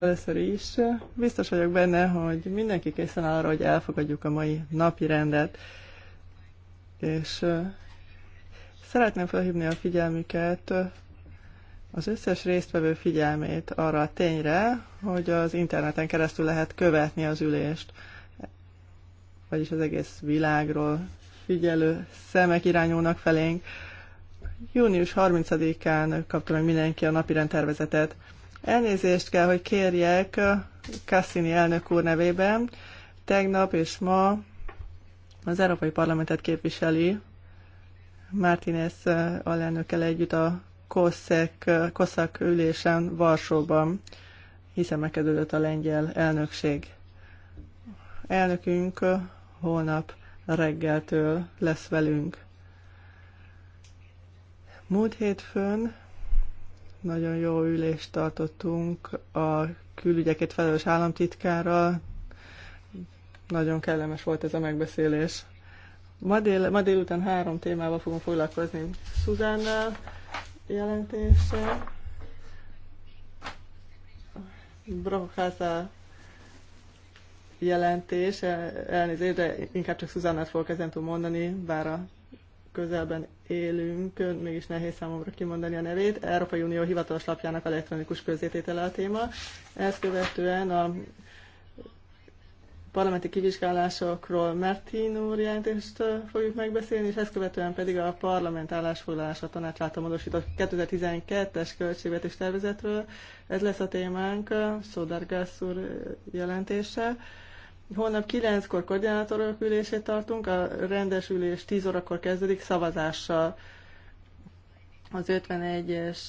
Először is biztos vagyok benne, hogy mindenki készen áll arra, hogy elfogadjuk a mai napi rendet. És szeretném felhívni a figyelmüket, az összes résztvevő figyelmét arra a tényre, hogy az interneten keresztül lehet követni az ülést, vagyis az egész világról figyelő szemek irányulnak felénk. Június 30-án kapta meg mindenki a napirend tervezetet. Elnézést kell, hogy kérjek uh, Cassini elnök úr nevében. Tegnap és ma az Európai Parlamentet képviseli Martinez uh, alelnökkel együtt a Koszek, uh, Koszak ülésen Varsóban, hiszen megkezdődött a lengyel elnökség. Elnökünk holnap reggeltől lesz velünk. Múlt hétfőn nagyon jó ülést tartottunk a külügyeket felelős államtitkárral. Nagyon kellemes volt ez a megbeszélés. Ma, dél, ma délután három témával fogunk foglalkozni. Szuzánnal jelentése, Brokáza jelentése, elnézést, de inkább csak Szuzánnát fogok ezen mondani, bár a közelben élünk, mégis nehéz számomra kimondani a nevét, Európai Unió hivatalos lapjának elektronikus közzététele a téma. Ezt követően a parlamenti kivizsgálásokról Martin úr jelentést fogjuk megbeszélni, és ezt követően pedig a parlament állásfoglalása tanács által módosított 2012-es költségvetés tervezetről. Ez lesz a témánk, Szódárgász úr jelentése. Holnap 9-kor koordinátorok ülését tartunk, a rendes ülés 10 órakor kezdődik szavazással. Az 51-es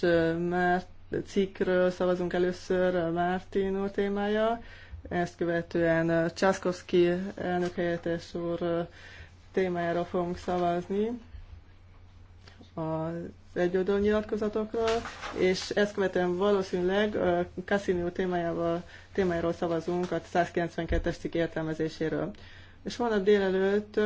Márt cikkről szavazunk először a Mártin úr témája, ezt követően Császkowski elnök helyettes úr témájára fogunk szavazni az egyoldó nyilatkozatokról, és ezt követően valószínűleg Cassinio témájával, témájáról szavazunk a 192-es cikk értelmezéséről. És holnap délelőtt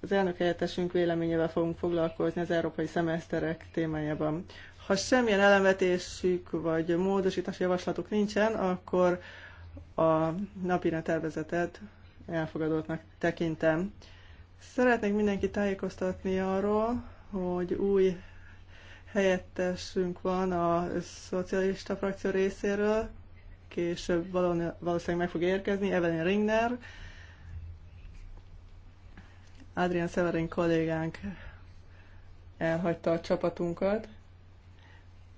az elnök helyettesünk véleményével fogunk foglalkozni az európai szemeszterek témájában. Ha semmilyen elemetésük vagy módosítási javaslatuk nincsen, akkor a napi tervezetet elfogadottnak tekintem. Szeretnék mindenkit tájékoztatni arról, hogy új helyettesünk van a szocialista frakció részéről, később valószínűleg meg fog érkezni, Evelyn Ringner, Adrian Severin kollégánk elhagyta a csapatunkat,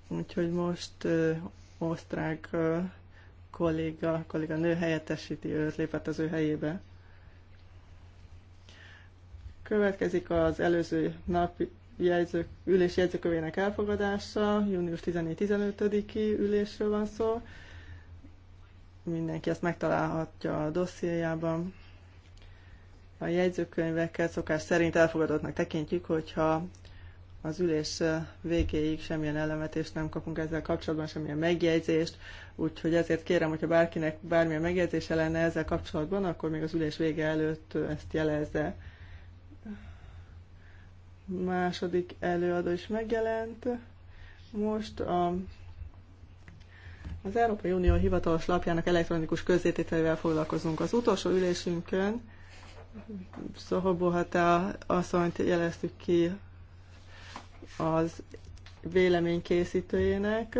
úgyhogy most uh, osztrák uh, kolléga, kolléga nő helyettesíti őt, lépett az ő helyébe. Következik az előző napi jegyzők, ülés jegyzőkövének elfogadása, június 14-15-i ülésről van szó. Mindenki ezt megtalálhatja a dossziéjában. A jegyzőkönyveket szokás szerint elfogadottnak tekintjük, hogyha az ülés végéig semmilyen ellenvetést nem kapunk ezzel kapcsolatban, semmilyen megjegyzést, úgyhogy ezért kérem, hogyha bárkinek bármilyen megjegyzése lenne ezzel kapcsolatban, akkor még az ülés vége előtt ezt jelezze második előadó is megjelent. Most a, az Európai Unió hivatalos lapjának elektronikus közzétételével foglalkozunk. Az utolsó ülésünkön Szohobohata asszonyt jeleztük ki az véleménykészítőjének.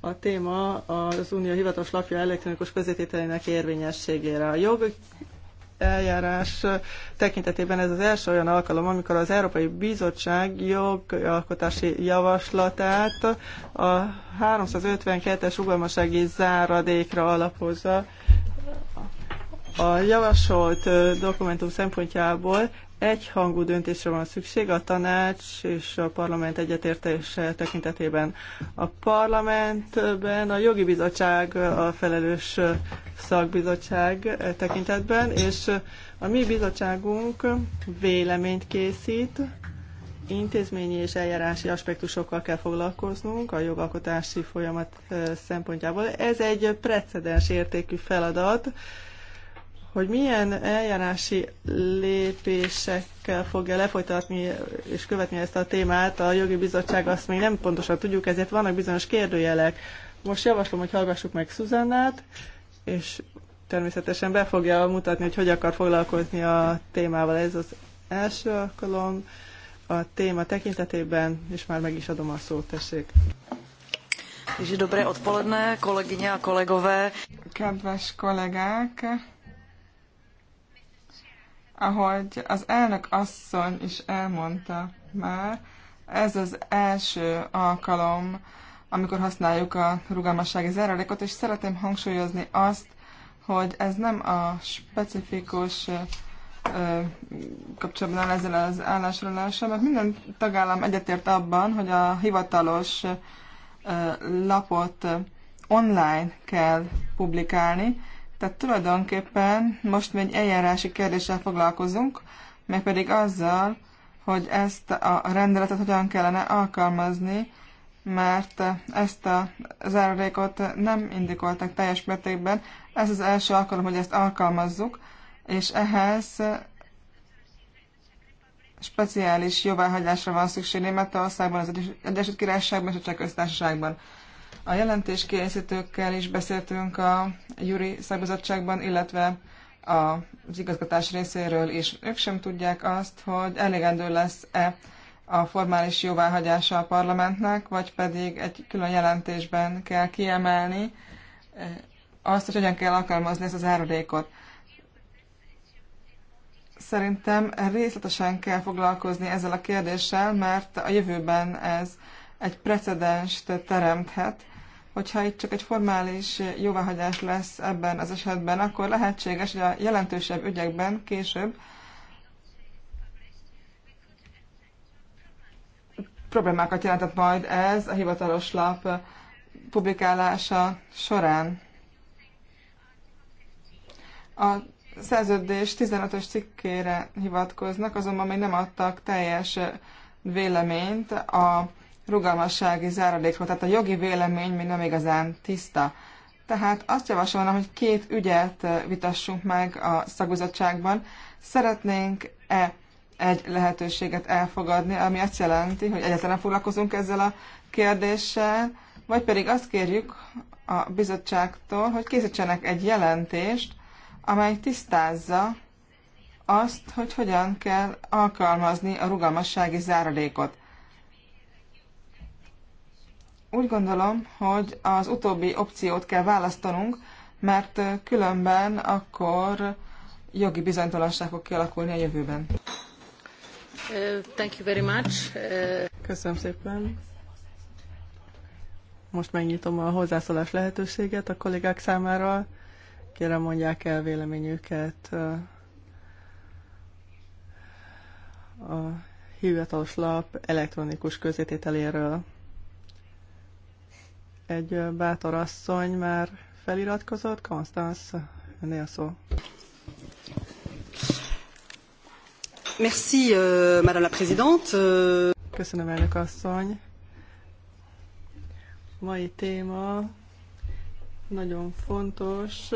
A téma az Unió hivatalos lapja elektronikus közvetételének érvényességére. A jog eljárás tekintetében ez az első olyan alkalom, amikor az Európai Bizottság jogalkotási javaslatát a 352-es ugalmasági záradékra alapozza. A javasolt dokumentum szempontjából egyhangú döntésre van szükség a tanács és a parlament egyetértése tekintetében. A parlamentben a jogi bizottság a felelős szakbizottság tekintetben, és a mi bizottságunk véleményt készít, intézményi és eljárási aspektusokkal kell foglalkoznunk a jogalkotási folyamat szempontjából. Ez egy precedens értékű feladat, hogy milyen eljárási lépésekkel fogja lefolytatni és követni ezt a témát, a jogi bizottság azt még nem pontosan tudjuk, ezért vannak bizonyos kérdőjelek. Most javaslom, hogy hallgassuk meg Szuzannát, és természetesen be fogja mutatni, hogy hogy akar foglalkozni a témával. Ez az első alkalom a téma tekintetében, és már meg is adom a szót, tessék. És dobré odpoledne, kolegyně a kolegové. Kedves kollégák, ahogy az elnök asszony is elmondta már, ez az első alkalom, amikor használjuk a rugalmassági zárulékot, és szeretném hangsúlyozni azt, hogy ez nem a specifikus kapcsolatban ezzel az állásrólással, mert minden tagállam egyetért abban, hogy a hivatalos lapot online kell publikálni, tehát tulajdonképpen most még eljárási kérdéssel foglalkozunk, meg pedig azzal, hogy ezt a rendeletet hogyan kellene alkalmazni mert ezt a zárulékot nem indikoltak teljes mértékben. Ez az első alkalom, hogy ezt alkalmazzuk, és ehhez speciális jóváhagyásra van szükség Németországban, az Egyesült Királyságban és a Cseh Köztársaságban. A jelentés készítőkkel is beszéltünk a Juri szakbizottságban, illetve az igazgatás részéről is. Ők sem tudják azt, hogy elegendő lesz-e a formális jóváhagyása a parlamentnek, vagy pedig egy külön jelentésben kell kiemelni eh, azt, hogy hogyan kell alkalmazni ezt az árulékot. Szerintem részletesen kell foglalkozni ezzel a kérdéssel, mert a jövőben ez egy precedenst teremthet. Hogyha itt csak egy formális jóváhagyás lesz ebben az esetben, akkor lehetséges, hogy a jelentősebb ügyekben később problémákat jelentett majd ez a hivatalos lap publikálása során. A szerződés 15-ös cikkére hivatkoznak, azonban még nem adtak teljes véleményt a rugalmassági záradékról, tehát a jogi vélemény még nem igazán tiszta. Tehát azt javasolnám, hogy két ügyet vitassunk meg a szakbizottságban. Szeretnénk-e egy lehetőséget elfogadni, ami azt jelenti, hogy egyáltalán foglalkozunk ezzel a kérdéssel, vagy pedig azt kérjük a bizottságtól, hogy készítsenek egy jelentést, amely tisztázza azt, hogy hogyan kell alkalmazni a rugalmassági záradékot. Úgy gondolom, hogy az utóbbi opciót kell választanunk, mert különben akkor jogi bizonytalanságok kialakulni a jövőben. Uh, uh, Köszönöm szépen. Most megnyitom a hozzászólás lehetőséget a kollégák számára. Kérem mondják el véleményüket uh, a hivatalos lap elektronikus közétételéről. Egy bátor asszony már feliratkozott, Konstanz, ennél szó. Merci, euh, Madame la Présidente. Euh, Köszönöm, elnök asszony. Mai téma nagyon fontos.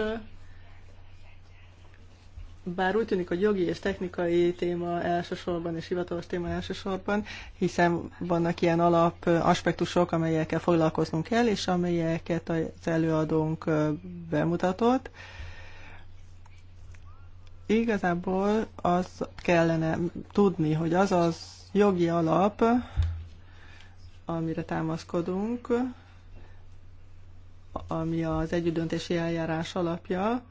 Bár úgy tűnik, hogy jogi és technikai téma elsősorban és hivatalos téma elsősorban, hiszen vannak ilyen alap aspektusok, amelyekkel foglalkoznunk kell, és amelyeket az előadónk bemutatott. Igazából az kellene tudni, hogy az az jogi alap, amire támaszkodunk, ami az együttdöntési eljárás alapja,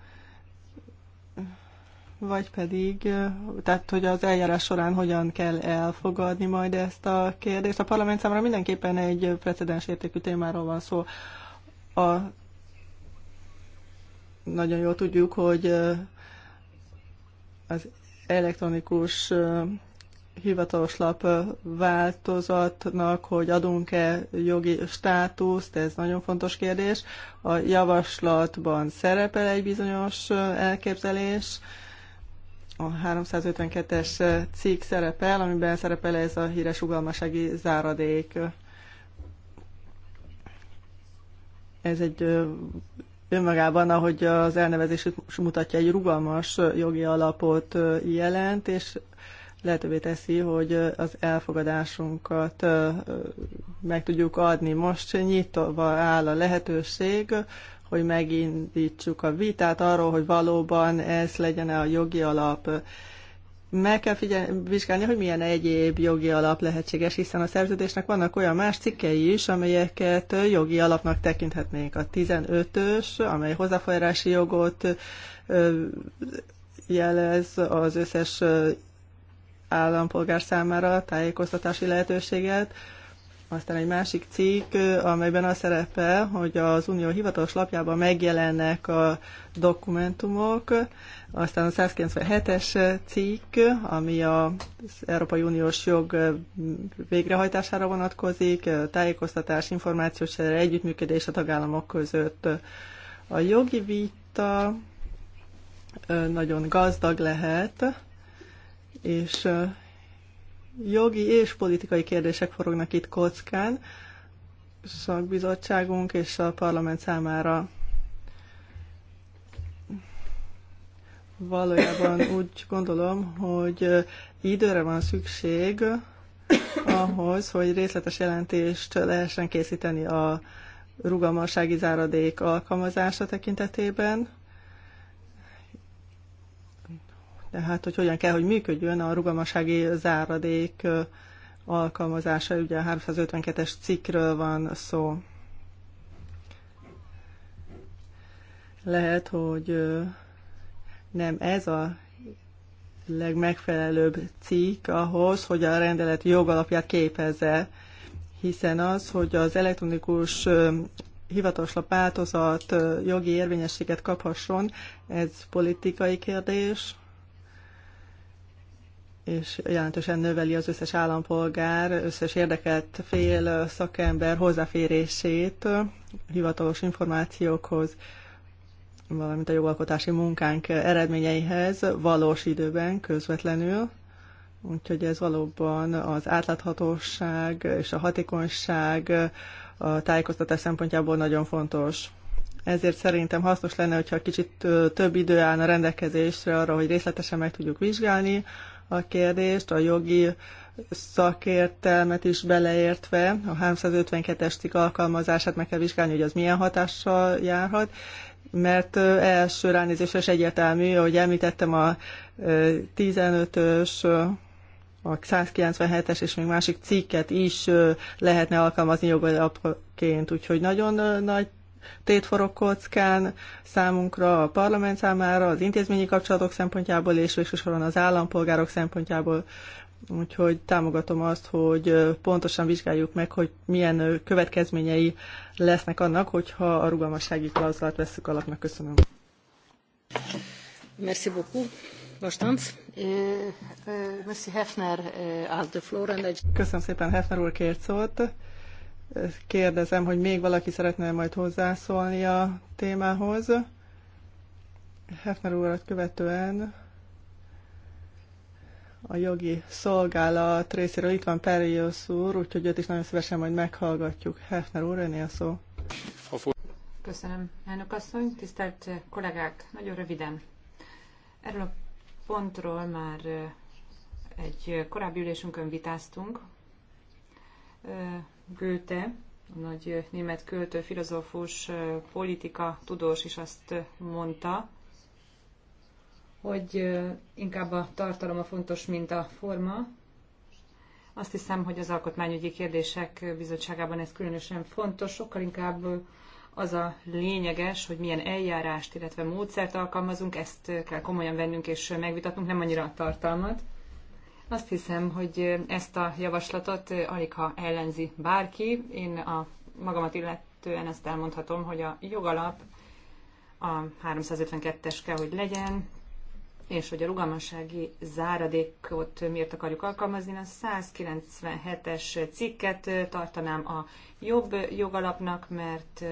vagy pedig, tehát hogy az eljárás során hogyan kell elfogadni majd ezt a kérdést. A parlament számára mindenképpen egy precedens értékű témáról van szó. A, nagyon jól tudjuk, hogy az elektronikus hivatalos lap változatnak, hogy adunk-e jogi státuszt, ez nagyon fontos kérdés. A javaslatban szerepel egy bizonyos elképzelés, a 352-es cikk szerepel, amiben szerepel ez a híres ugalmasági záradék. Ez egy önmagában, ahogy az elnevezés mutatja, egy rugalmas jogi alapot jelent, és lehetővé teszi, hogy az elfogadásunkat meg tudjuk adni. Most nyitva áll a lehetőség, hogy megindítsuk a vitát arról, hogy valóban ez legyen -e a jogi alap meg kell figyel- vizsgálni, hogy milyen egyéb jogi alap lehetséges, hiszen a szerződésnek vannak olyan más cikkei is, amelyeket jogi alapnak tekinthetnénk. A 15-ös, amely hozzáférési jogot jelez az összes állampolgár számára tájékoztatási lehetőséget, aztán egy másik cikk, amelyben az szerepel, hogy az Unió hivatalos lapjában megjelennek a dokumentumok, aztán a 197-es cikk, ami az Európai Uniós jog végrehajtására vonatkozik, tájékoztatás, információs együttműködés a tagállamok között. A jogi vita nagyon gazdag lehet, és jogi és politikai kérdések forognak itt kockán szakbizottságunk és a parlament számára. Valójában úgy gondolom, hogy időre van szükség ahhoz, hogy részletes jelentést lehessen készíteni a rugalmassági záradék alkalmazása tekintetében tehát hogy hogyan kell, hogy működjön a rugalmasági záradék alkalmazása, ugye a 352-es cikkről van szó. Lehet, hogy nem ez a legmegfelelőbb cikk ahhoz, hogy a rendelet jogalapját képezze, hiszen az, hogy az elektronikus hivatalos változat jogi érvényességet kaphasson, ez politikai kérdés, és jelentősen növeli az összes állampolgár, összes érdekelt fél szakember hozzáférését hivatalos információkhoz, valamint a jogalkotási munkánk eredményeihez valós időben, közvetlenül. Úgyhogy ez valóban az átláthatóság és a hatékonyság a tájékoztatás szempontjából nagyon fontos. Ezért szerintem hasznos lenne, hogyha kicsit több idő állna rendelkezésre arra, hogy részletesen meg tudjuk vizsgálni, a kérdést, a jogi szakértelmet is beleértve, a 352-es cikk alkalmazását meg kell vizsgálni, hogy az milyen hatással járhat, mert első ránézésre is egyértelmű, hogy említettem a 15-ös, a 197-es és még másik cikket is lehetne alkalmazni jogalapként, úgyhogy nagyon nagy tétforog kockán számunkra, a parlament számára, az intézményi kapcsolatok szempontjából és végső soron az állampolgárok szempontjából. Úgyhogy támogatom azt, hogy pontosan vizsgáljuk meg, hogy milyen következményei lesznek annak, hogyha a rugalmassági klauzulát veszük alapnak. Köszönöm. Merci beaucoup. Eh, eh, eh, Köszönöm szépen, Hefner úr kért szót kérdezem, hogy még valaki szeretne majd hozzászólni a témához. Hefner úrat követően a jogi szolgálat részéről itt van Perius úr, úgyhogy őt is nagyon szívesen majd meghallgatjuk. Hefner úr, öné a szó. Köszönöm, elnök asszony. Tisztelt kollégák, nagyon röviden. Erről a pontról már egy korábbi ülésünkön vitáztunk. Goethe, a nagy német költő, filozófus, politika, tudós is azt mondta, hogy inkább a tartalom a fontos, mint a forma. Azt hiszem, hogy az Alkotmányügyi Kérdések Bizottságában ez különösen fontos, sokkal inkább az a lényeges, hogy milyen eljárást, illetve módszert alkalmazunk, ezt kell komolyan vennünk és megvitatnunk, nem annyira a tartalmat. Azt hiszem, hogy ezt a javaslatot aligha ellenzi bárki. Én a magamat illetően ezt elmondhatom, hogy a jogalap a 352-es kell, hogy legyen, és hogy a rugalmassági záradékot miért akarjuk alkalmazni, a 197-es cikket tartanám a jobb jogalapnak, mert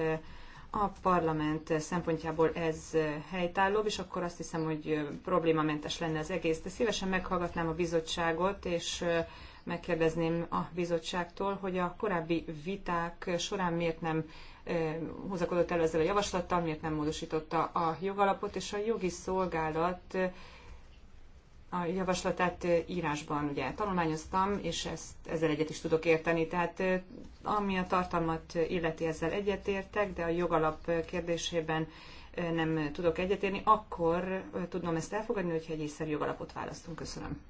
a parlament szempontjából ez helytállóbb, és akkor azt hiszem, hogy problémamentes lenne az egész. De szívesen meghallgatnám a bizottságot, és megkérdezném a bizottságtól, hogy a korábbi viták során miért nem húzakodott elő ezzel a javaslattal, miért nem módosította a jogalapot, és a jogi szolgálat a javaslatát írásban ugye tanulmányoztam, és ezt, ezzel egyet is tudok érteni. Tehát ami a tartalmat illeti, ezzel egyetértek, de a jogalap kérdésében nem tudok egyetérni, akkor tudnom ezt elfogadni, hogyha egy észszerű jogalapot választunk. Köszönöm.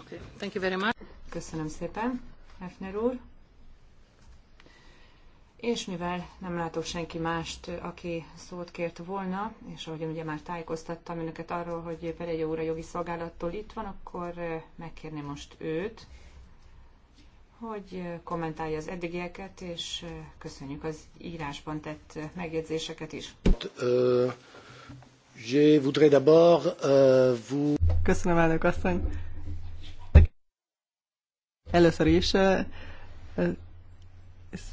Okay. Thank you very much. Köszönöm szépen, Hefner úr. És mivel nem látok senki mást, aki szót kért volna, és ahogy ugye már tájékoztattam önöket arról, hogy Peregyó úr a jogi szolgálattól itt van, akkor eh, megkérném most őt, hogy eh, kommentálja az eddigieket, és eh, köszönjük az írásban tett megjegyzéseket is. Euh, euh, Köszönöm, elnök asszony. Először is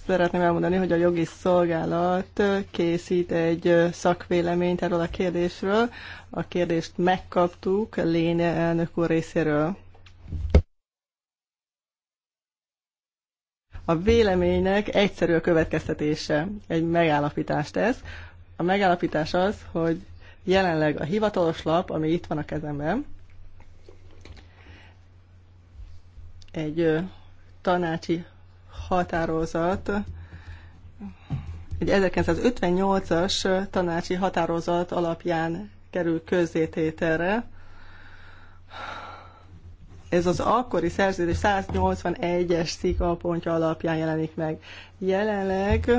szeretném elmondani, hogy a jogi szolgálat készít egy szakvéleményt erről a kérdésről. A kérdést megkaptuk Léne elnök úr részéről. A véleménynek egyszerű a következtetése, egy megállapítást tesz. A megállapítás az, hogy jelenleg a hivatalos lap, ami itt van a kezemben, egy tanácsi határozat, egy 1958-as tanácsi határozat alapján kerül közzétételre. Ez az akkori szerződés 181-es pontja alapján jelenik meg. Jelenleg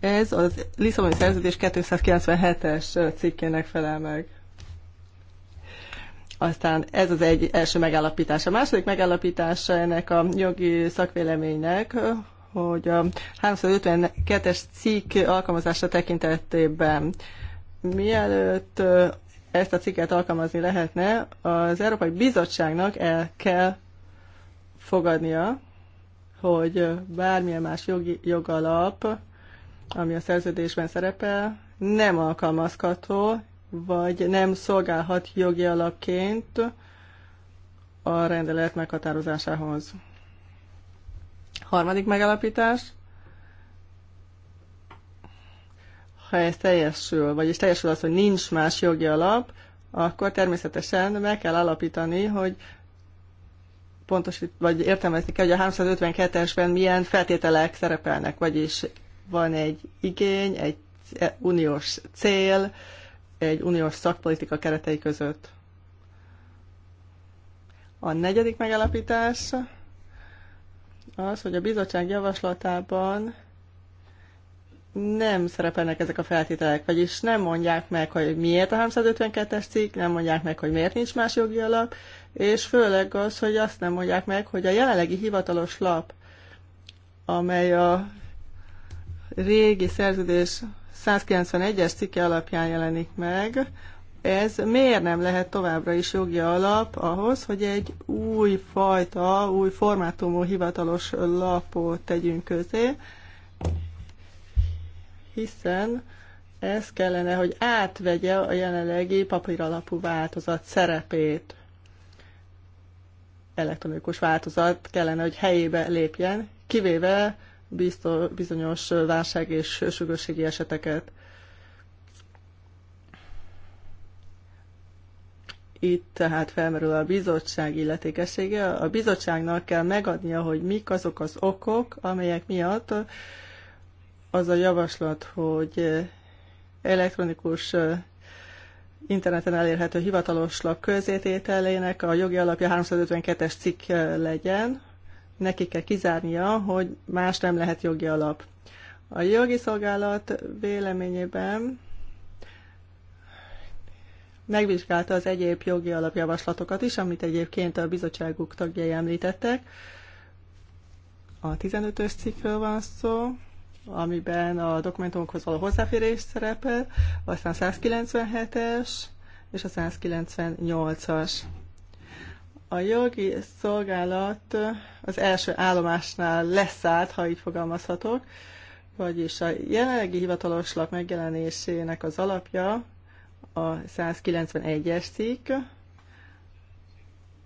ez az Lisszaboni szerződés 297-es cikkének felel meg. Aztán ez az egy első megállapítás. A második megállapítás ennek a jogi szakvéleménynek, hogy a 352-es cikk alkalmazása tekintetében mielőtt ezt a cikket alkalmazni lehetne, az Európai Bizottságnak el kell fogadnia, hogy bármilyen más jogi, jogalap, ami a szerződésben szerepel, nem alkalmazható vagy nem szolgálhat jogi alapként a rendelet meghatározásához. Harmadik megalapítás, ha ez teljesül, vagyis teljesül az, hogy nincs más jogi alap, akkor természetesen meg kell alapítani, hogy pontosít, vagy értelmezni kell, hogy a 352-esben milyen feltételek szerepelnek, vagyis van egy igény, egy uniós cél, egy uniós szakpolitika keretei között. A negyedik megállapítás az, hogy a bizottság javaslatában nem szerepelnek ezek a feltételek, vagyis nem mondják meg, hogy miért a 352-es cikk, nem mondják meg, hogy miért nincs más jogi alap, és főleg az, hogy azt nem mondják meg, hogy a jelenlegi hivatalos lap, amely a régi szerződés 191-es cikke alapján jelenik meg. Ez miért nem lehet továbbra is jogi alap ahhoz, hogy egy új fajta, új formátumú hivatalos lapot tegyünk közé, hiszen ez kellene, hogy átvegye a jelenlegi papíralapú változat szerepét. Elektronikus változat kellene, hogy helyébe lépjen, kivéve bizonyos válság és sürgősségi eseteket. Itt tehát felmerül a bizottság illetékessége. A bizottságnak kell megadnia, hogy mik azok az okok, amelyek miatt az a javaslat, hogy elektronikus interneten elérhető hivatalos lap közétételének a jogi alapja 352-es cikk legyen, neki kell kizárnia, hogy más nem lehet jogi alap. A jogi szolgálat véleményében megvizsgálta az egyéb jogi alapjavaslatokat is, amit egyébként a bizottságuk tagjai említettek. A 15-ös cikkről van szó, amiben a dokumentumokhoz való hozzáférés szerepel, aztán 197-es és a 198-as. A jogi szolgálat az első állomásnál leszállt, ha így fogalmazhatok, vagyis a jelenlegi hivatalos lap megjelenésének az alapja a 191-es cikk,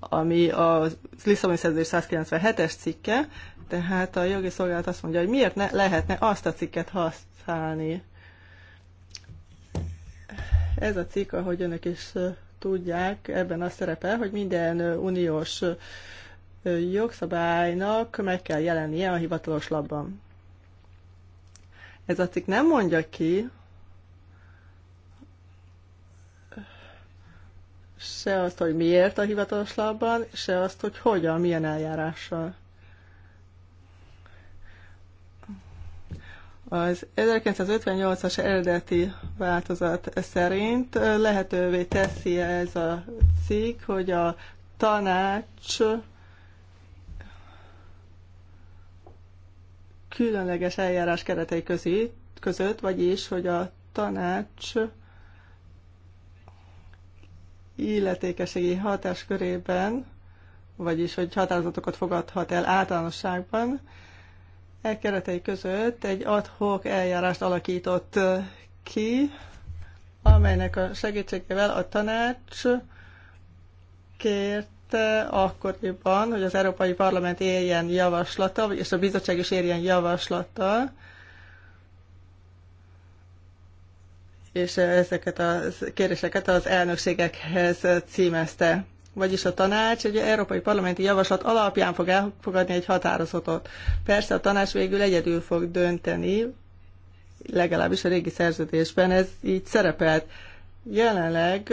ami a Lisszaboni Szerződés 197-es cikke, tehát a jogi szolgálat azt mondja, hogy miért ne lehetne azt a cikket használni. Ez a cikk, ahogy önök is tudják, ebben a szerepe, hogy minden uniós jogszabálynak meg kell jelennie a hivatalos labban. Ez a cikk nem mondja ki, se azt, hogy miért a hivatalos labban, se azt, hogy hogyan, milyen eljárással. Az 1958-as eredeti változat szerint lehetővé teszi ez a cikk, hogy a tanács különleges eljárás keretei között, vagyis, hogy a tanács illetékeségi hatáskörében, vagyis, hogy határozatokat fogadhat el általánosságban, E keretei között egy adhok eljárást alakított ki, amelynek a segítségével a tanács kérte akkoriban, hogy az Európai Parlament éljen javaslata, és a bizottság is éljen javaslata, és ezeket a kéréseket az elnökségekhez címezte vagyis a tanács egy európai parlamenti javaslat alapján fog elfogadni egy határozatot. Persze a tanács végül egyedül fog dönteni, legalábbis a régi szerződésben ez így szerepelt. Jelenleg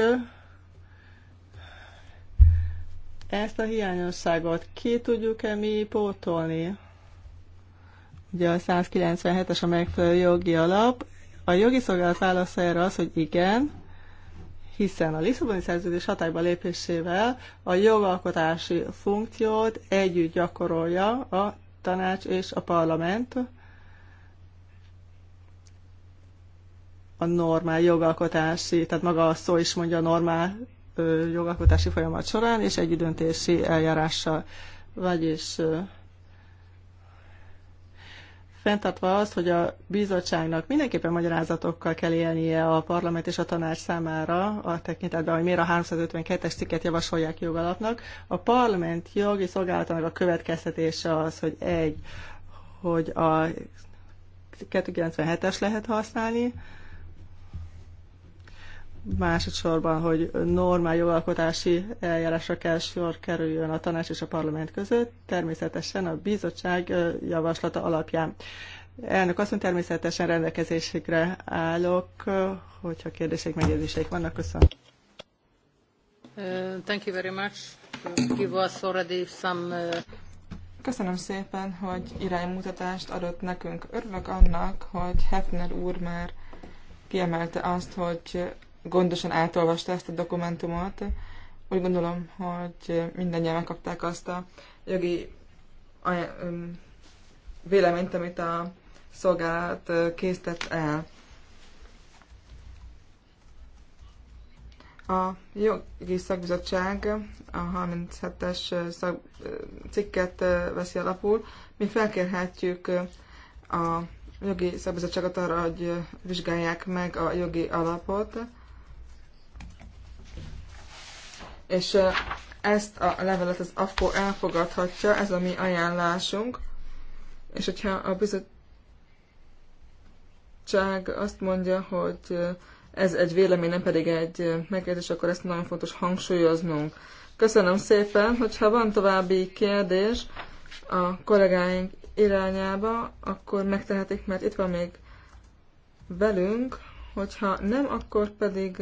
ezt a hiányosságot ki tudjuk-e mi pótolni? Ugye a 197-es a megfelelő jogi alap. A jogi szolgálat válasz erre az, hogy igen, hiszen a Lisszaboni szerződés hatályba lépésével a jogalkotási funkciót együtt gyakorolja a tanács és a parlament a normál jogalkotási, tehát maga a szó is mondja a normál jogalkotási folyamat során és együttdöntési eljárással. Vagyis fenntartva azt, hogy a bizottságnak mindenképpen magyarázatokkal kell élnie a parlament és a tanács számára a tekintetben, hogy miért a 352-es cikket javasolják jogalapnak. A parlament jogi szolgálatának a következtetése az, hogy egy, hogy a 297-es lehet használni, másodszorban, hogy normál jogalkotási eljárásra kell sor kerüljön a tanács és a parlament között, természetesen a bizottság javaslata alapján. Elnök mondja, természetesen rendelkezésükre állok, hogyha kérdések, megjegyzéseik vannak. Köszönöm. Thank you very much. give us already some... Köszönöm szépen, hogy iránymutatást adott nekünk. Örülök annak, hogy Hefner úr már kiemelte azt, hogy gondosan átolvasta ezt a dokumentumot. Úgy gondolom, hogy mindannyian megkapták azt a jogi véleményt, amit a szolgálat készített el. A jogi szakbizottság a 37-es szak, cikket veszi alapul. Mi felkérhetjük a jogi szakbizottságot arra, hogy vizsgálják meg a jogi alapot. és ezt a levelet az AFPO elfogadhatja, ez a mi ajánlásunk, és hogyha a bizottság azt mondja, hogy ez egy vélemény, nem pedig egy megkérdés, akkor ezt nagyon fontos hangsúlyoznunk. Köszönöm szépen, hogyha van további kérdés a kollégáink irányába, akkor megtehetik, mert itt van még velünk, hogyha nem, akkor pedig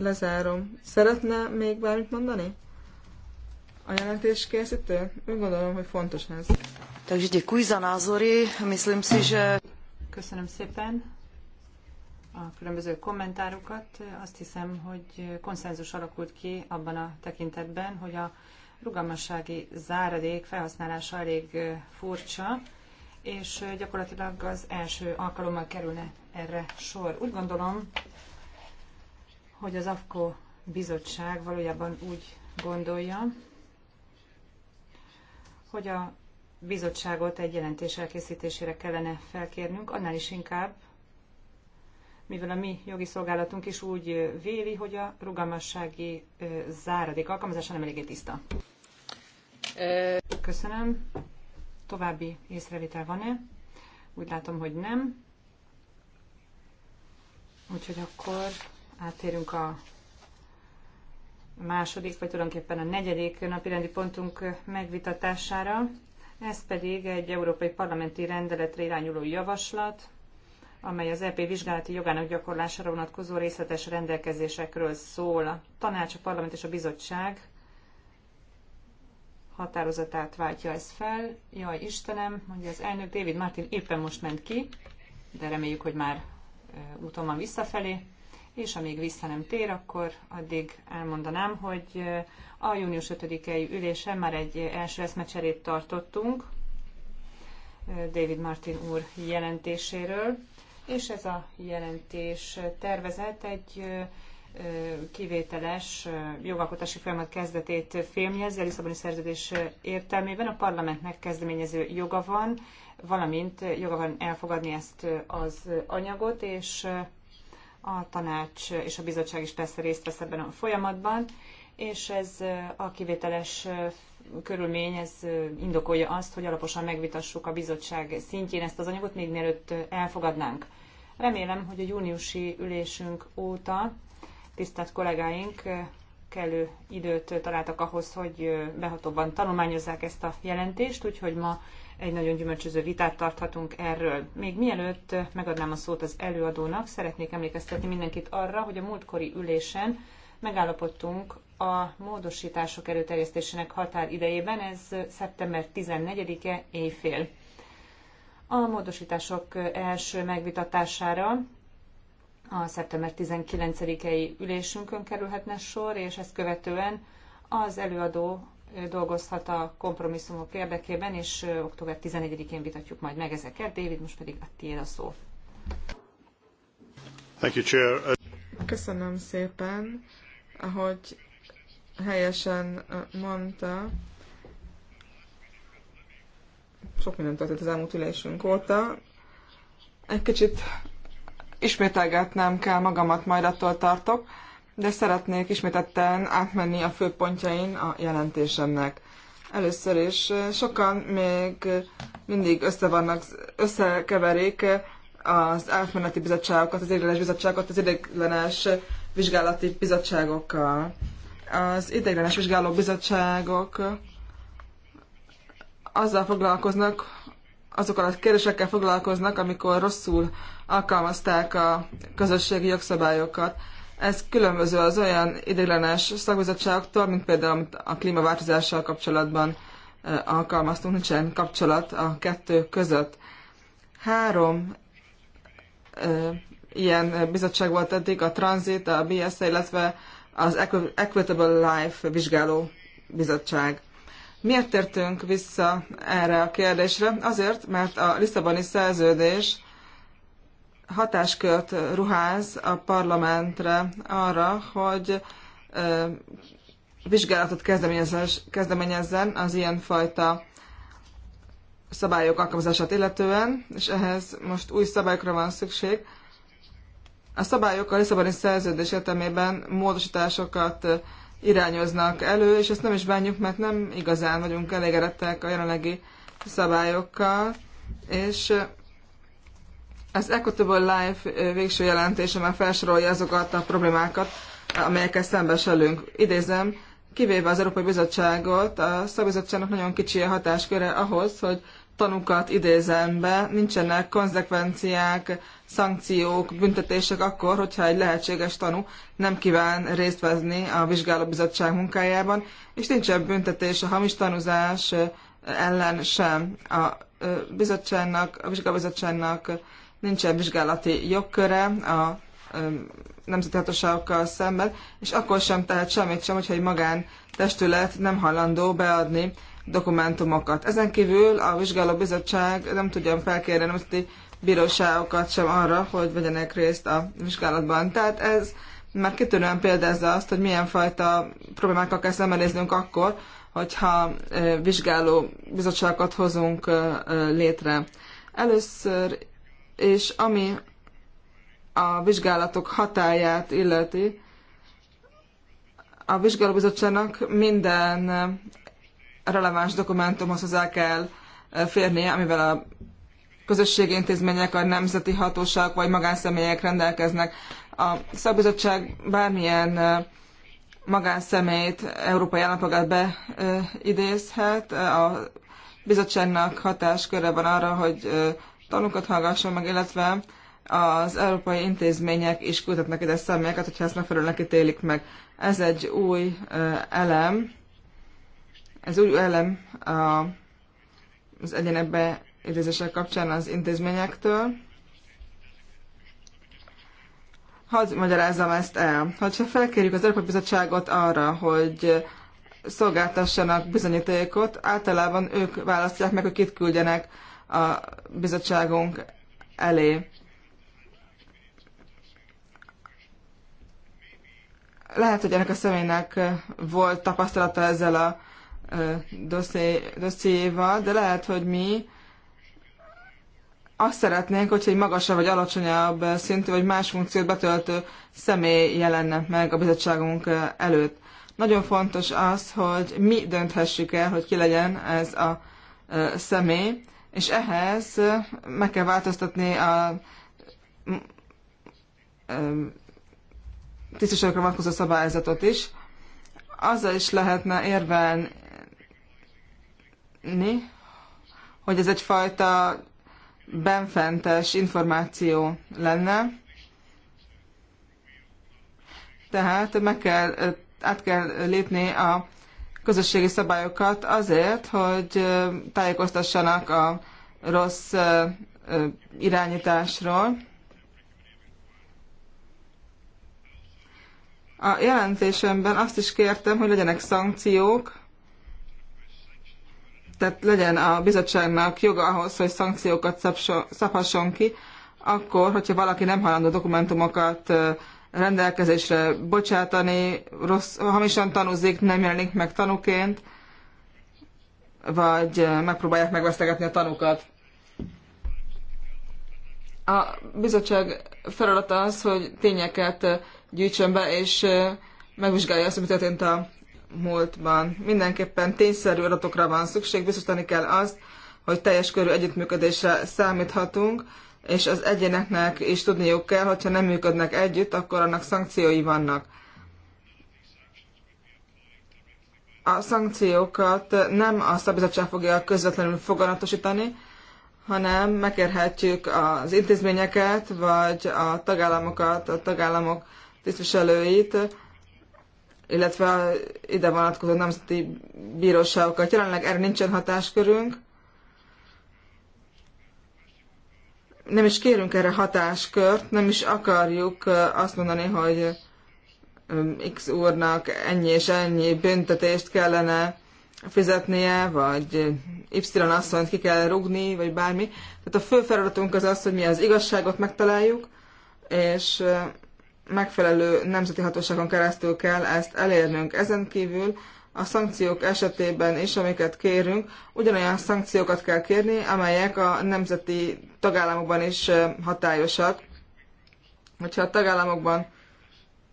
lezárom. Szeretne még bármit mondani? A jelentés készítő? Úgy gondolom, hogy fontos ez. Takže děkuji za názory. Myslím si, že... Köszönöm szépen a különböző kommentárokat. Azt hiszem, hogy konszenzus alakult ki abban a tekintetben, hogy a rugalmassági záradék felhasználása elég furcsa, és gyakorlatilag az első alkalommal kerülne erre sor. Úgy gondolom, hogy az AFKO bizottság valójában úgy gondolja, hogy a bizottságot egy jelentés elkészítésére kellene felkérnünk, annál is inkább, mivel a mi jogi szolgálatunk is úgy véli, hogy a rugalmassági záradék alkalmazása nem eléggé tiszta. Köszönöm. További észrevétel van-e? Úgy látom, hogy nem. Úgyhogy akkor Átérünk a második, vagy tulajdonképpen a negyedik napirendi pontunk megvitatására. Ez pedig egy európai parlamenti rendeletre irányuló javaslat, amely az EP vizsgálati jogának gyakorlására vonatkozó részletes rendelkezésekről szól. A tanács, a parlament és a bizottság határozatát váltja ez fel. Jaj, Istenem, mondja az elnök, David Martin éppen most ment ki, de reméljük, hogy már úton van visszafelé és amíg vissza nem tér, akkor addig elmondanám, hogy eh, a június 5-i ülésen már egy első eszmecserét tartottunk eh, David Martin úr jelentéséről, és ez a jelentés tervezett egy eh, kivételes jogalkotási folyamat kezdetét filmjezi a Lisszaboni szerződés értelmében. A parlamentnek kezdeményező joga van, valamint joga van elfogadni ezt az anyagot, és a tanács és a bizottság is persze részt vesz ebben a folyamatban, és ez a kivételes körülmény, ez indokolja azt, hogy alaposan megvitassuk a bizottság szintjén ezt az anyagot, még mielőtt elfogadnánk. Remélem, hogy a júniusi ülésünk óta tisztelt kollégáink kellő időt találtak ahhoz, hogy behatóban tanulmányozzák ezt a jelentést, úgyhogy ma egy nagyon gyümölcsöző vitát tarthatunk erről. Még mielőtt megadnám a szót az előadónak, szeretnék emlékeztetni mindenkit arra, hogy a múltkori ülésen megállapodtunk a módosítások előterjesztésének határidejében, ez szeptember 14-e éjfél. A módosítások első megvitatására a szeptember 19-i ülésünkön kerülhetne sor, és ezt követően az előadó dolgozhat a kompromisszumok érdekében, és október 11-én vitatjuk majd meg ezeket. David, most pedig a tiéd a szó. Thank you, Chair. Köszönöm szépen, ahogy helyesen mondta, sok minden történt az elmúlt ülésünk óta. Egy kicsit ismételgetnem kell magamat, majd attól tartok de szeretnék ismétetten átmenni a fő pontjain a jelentésemnek. Először is sokan még mindig összevannak, összekeverik az átmeneti bizottságokat, az ideiglenes bizottságokat, az ideiglenes vizsgálati bizottságokkal. Az ideiglenes vizsgáló bizottságok azzal foglalkoznak, azokkal a kérdésekkel foglalkoznak, amikor rosszul alkalmazták a közösségi jogszabályokat. Ez különböző az olyan ideiglenes szakbizottságoktól, mint például amit a klímaváltozással kapcsolatban alkalmaztunk, nincsen kapcsolat a kettő között. Három ilyen bizottság volt eddig, a Transit, a BSZ, illetve az Equitable Life vizsgáló bizottság. Miért tértünk vissza erre a kérdésre? Azért, mert a Lisszaboni szerződés hatáskört ruház a parlamentre arra, hogy vizsgálatot kezdeményezzen az ilyenfajta szabályok alkalmazását illetően, és ehhez most új szabályokra van szükség. A szabályok a Lisszaboni szerződés értelmében módosításokat irányoznak elő, és ezt nem is bánjuk, mert nem igazán vagyunk elégedettek a jelenlegi szabályokkal, és az Equitable Life végső jelentése már felsorolja azokat a problémákat, amelyekkel szembesülünk. Idézem, kivéve az Európai Bizottságot, a szabizottságnak nagyon kicsi a hatásköre ahhoz, hogy tanukat idézem be, nincsenek konzekvenciák, szankciók, büntetések akkor, hogyha egy lehetséges tanú nem kíván részt venni a vizsgálóbizottság munkájában, és nincsen büntetés a hamis tanúzás ellen sem. A bizottságnak, a vizsgálóbizottságnak nincsen vizsgálati jogköre a nemzeti hatóságokkal szemben, és akkor sem tehet semmit sem, hogyha egy magán testület nem hajlandó beadni dokumentumokat. Ezen kívül a vizsgáló bizottság nem tudja felkérni a nemzeti bíróságokat sem arra, hogy vegyenek részt a vizsgálatban. Tehát ez már kitűnően példázza azt, hogy milyen fajta problémákkal kell szembenéznünk akkor, hogyha eh, vizsgáló bizottságokat hozunk eh, eh, létre. Először és ami a vizsgálatok hatáját illeti, a vizsgálóbizottságnak minden releváns dokumentumhoz hozzá kell eh, férnie, amivel a közösségi intézmények, a nemzeti hatóság vagy magánszemélyek rendelkeznek. A szakbizottság bármilyen eh, magánszemélyt, európai állampolgárt beidézhet. A bizottságnak hatásköre van arra, hogy eh, tanúkat hallgasson meg, illetve az európai intézmények is küldhetnek ide személyeket, hogyha ezt megfelelően télik meg. Ez egy új elem, ez új elem az egyének idézések kapcsán az intézményektől. Hadd magyarázzam ezt el. Hogyha felkérjük az Európai Bizottságot arra, hogy szolgáltassanak bizonyítékot, általában ők választják meg, hogy kit küldjenek a bizottságunk elé. Lehet, hogy ennek a személynek volt tapasztalata ezzel a dossziéval, de lehet, hogy mi azt szeretnénk, hogyha egy magasabb vagy alacsonyabb szintű vagy más funkciót betöltő személy jelenne meg a bizottságunk előtt. Nagyon fontos az, hogy mi dönthessük el, hogy ki legyen ez a személy, és ehhez meg kell változtatni a tisztviselőkre vonatkozó szabályzatot is. Azzal is lehetne érvelni, hogy ez egyfajta benfentes információ lenne. Tehát meg kell, át kell lépni a közösségi szabályokat azért, hogy tájékoztassanak a rossz irányításról. A jelentésemben azt is kértem, hogy legyenek szankciók, tehát legyen a bizottságnak joga ahhoz, hogy szankciókat szabhasson ki, akkor, hogyha valaki nem hajlandó dokumentumokat rendelkezésre bocsátani, rossz, hamisan tanúzik, nem jelenik meg tanúként, vagy eh, megpróbálják megvesztegetni a tanukat. A bizottság feladata az, hogy tényeket eh, gyűjtsön be, és eh, megvizsgálja azt, mi történt a múltban. Mindenképpen tényszerű adatokra van szükség, biztosítani kell azt, hogy teljes körű együttműködésre számíthatunk, és az egyéneknek is tudniuk kell, hogyha nem működnek együtt, akkor annak szankciói vannak. A szankciókat nem a szabizottság fogja közvetlenül foganatosítani, hanem megérhetjük az intézményeket, vagy a tagállamokat, a tagállamok tisztviselőit, illetve ide vonatkozó nemzeti bíróságokat. Jelenleg erre nincsen hatáskörünk, nem is kérünk erre hatáskört, nem is akarjuk azt mondani, hogy X úrnak ennyi és ennyi büntetést kellene fizetnie, vagy Y asszonyt ki kell rugni, vagy bármi. Tehát a fő feladatunk az az, hogy mi az igazságot megtaláljuk, és megfelelő nemzeti hatóságon keresztül kell ezt elérnünk. Ezen kívül a szankciók esetében is, amiket kérünk, ugyanolyan szankciókat kell kérni, amelyek a nemzeti tagállamokban is hatályosak. Hogyha a tagállamokban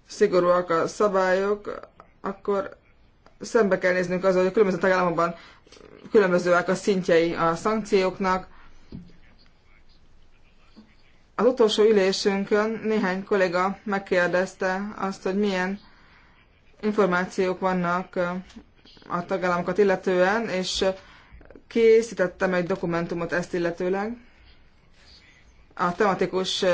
szigorúak a szabályok, akkor szembe kell néznünk azzal, hogy a különböző tagállamokban különbözőek a szintjei a szankcióknak. Az utolsó ülésünkön néhány kolléga megkérdezte azt, hogy milyen információk vannak a tagállamokat illetően, és készítettem egy dokumentumot ezt illetőleg. A tematikus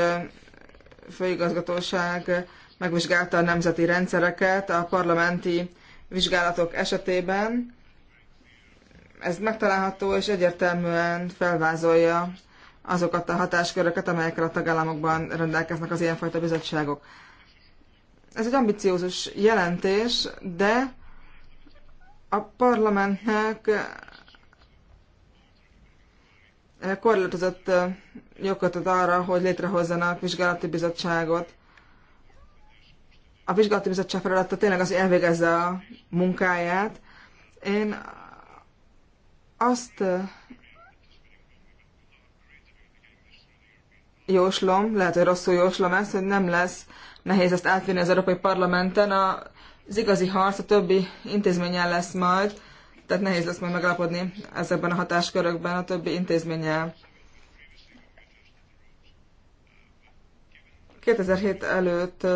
főigazgatóság megvizsgálta a nemzeti rendszereket a parlamenti vizsgálatok esetében. Ez megtalálható és egyértelműen felvázolja azokat a hatásköröket, amelyekkel a tagállamokban rendelkeznek az ilyenfajta bizottságok. Ez egy ambiciózus jelentés, de a parlamentnek eh, korlátozott eh, jogot ad arra, hogy létrehozzanak vizsgálati bizottságot. A vizsgálati bizottság feladata tényleg az, hogy elvégezze a munkáját. Én azt eh, jóslom, lehet, hogy rosszul jóslom ezt, hogy nem lesz nehéz ezt átvinni az Európai Parlamenten. A, az igazi harc a többi intézménnyel lesz majd, tehát nehéz lesz majd megalapodni ezekben a hatáskörökben a többi intézménnyel. 2007 előtt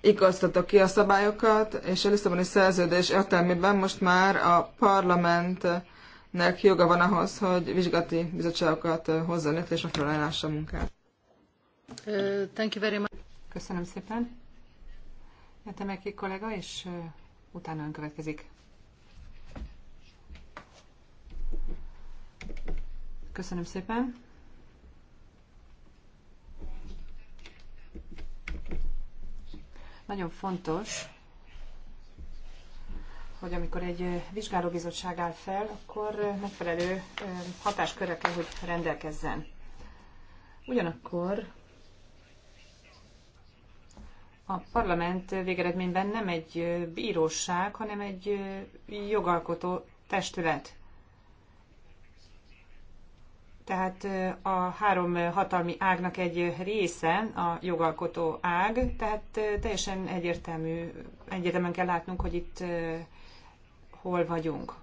igaztatok ki a szabályokat, és a Lisszaboni szerződés értelmében most már a parlament nek joga van ahhoz, hogy vizsgati bizottságokat hozzon létre és megfelelően a munkát. Thank you very much. Köszönöm szépen. Jatemeki hát, kollega, és uh, utána ön következik. Köszönöm szépen. Nagyon fontos, hogy amikor egy vizsgálóbizottság áll fel, akkor megfelelő hatáskörre kell, hogy rendelkezzen. Ugyanakkor a parlament végeredményben nem egy bíróság, hanem egy jogalkotó testület. Tehát a három hatalmi ágnak egy része a jogalkotó ág, tehát teljesen egyértelmű, egyértelműen kell látnunk, hogy itt hol vagyunk.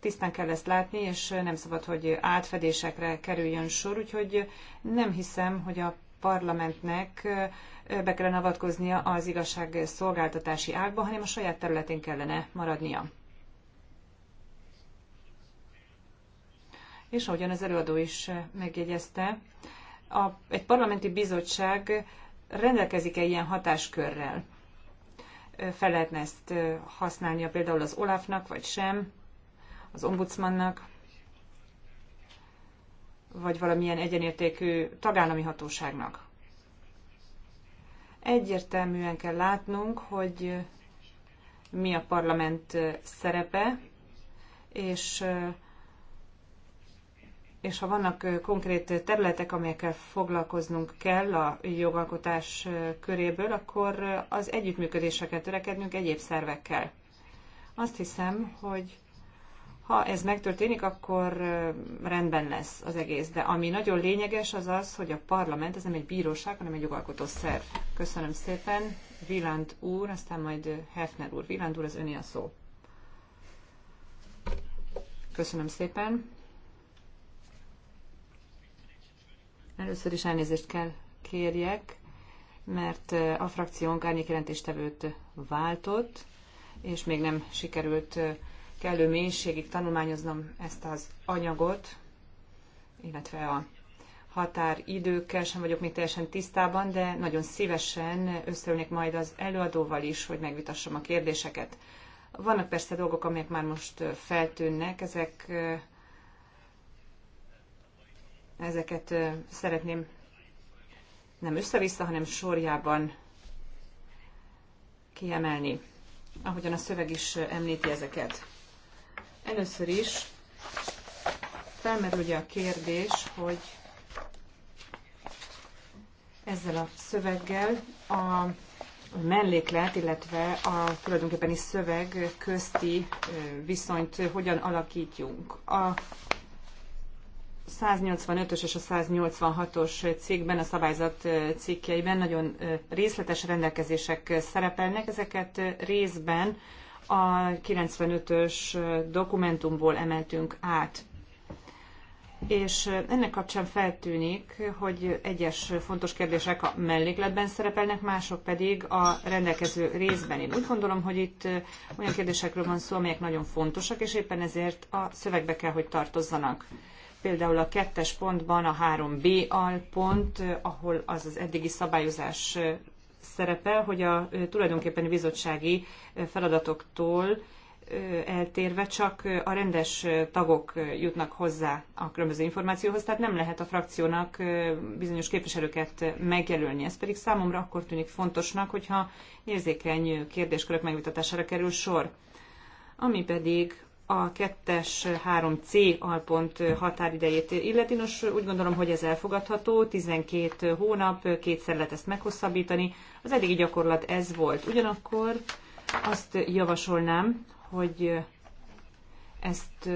Tisztán kell ezt látni, és nem szabad, hogy átfedésekre kerüljön sor, úgyhogy nem hiszem, hogy a parlamentnek be kellene avatkoznia az igazság szolgáltatási ágba, hanem a saját területén kellene maradnia. És ahogyan az előadó is megjegyezte, a, egy parlamenti bizottság rendelkezik-e ilyen hatáskörrel? fel lehetne ezt használnia például az Olafnak, vagy sem, az ombudsmannak, vagy valamilyen egyenértékű tagállami hatóságnak. Egyértelműen kell látnunk, hogy mi a parlament szerepe, és és ha vannak konkrét területek, amelyekkel foglalkoznunk kell a jogalkotás köréből, akkor az együttműködésekkel törekednünk egyéb szervekkel. Azt hiszem, hogy ha ez megtörténik, akkor rendben lesz az egész. De ami nagyon lényeges, az az, hogy a parlament, ez nem egy bíróság, hanem egy jogalkotó szerv. Köszönöm szépen, Viland úr, aztán majd Hefner úr. Viland úr, az öné a szó. Köszönöm szépen. Először is elnézést kell kérjek, mert eh, a frakciónk árnyékjelentéstevőt váltott, és még nem sikerült eh, kellő mélységig tanulmányoznom ezt az anyagot, illetve a határidőkkel sem vagyok még teljesen tisztában, de nagyon szívesen összeülnék majd az előadóval is, hogy megvitassam a kérdéseket. Vannak persze dolgok, amelyek már most eh, feltűnnek, ezek Ezeket szeretném nem össze-vissza, hanem sorjában kiemelni, ahogyan a szöveg is említi ezeket. Először is felmerül ugye a kérdés, hogy ezzel a szöveggel a melléklet, illetve a tulajdonképpeni szöveg közti viszonyt hogyan alakítjunk. A 185-ös és a 186-os cikkben, a szabályzat cikkeiben nagyon részletes rendelkezések szerepelnek. Ezeket részben a 95-ös dokumentumból emeltünk át. És ennek kapcsán feltűnik, hogy egyes fontos kérdések a mellékletben szerepelnek, mások pedig a rendelkező részben. Én úgy gondolom, hogy itt olyan kérdésekről van szó, amelyek nagyon fontosak, és éppen ezért a szövegbe kell, hogy tartozzanak például a kettes pontban a 3B alpont, ahol az az eddigi szabályozás szerepel, hogy a tulajdonképpen bizottsági feladatoktól eltérve csak a rendes tagok jutnak hozzá a különböző információhoz, tehát nem lehet a frakciónak bizonyos képviselőket megjelölni. Ez pedig számomra akkor tűnik fontosnak, hogyha érzékeny kérdéskörök megvitatására kerül sor. Ami pedig a 2-es 3C alpont határidejét illeti. Nos, úgy gondolom, hogy ez elfogadható, 12 hónap, kétszer lehet ezt meghosszabbítani. Az eddigi gyakorlat ez volt. Ugyanakkor azt javasolnám, hogy ezt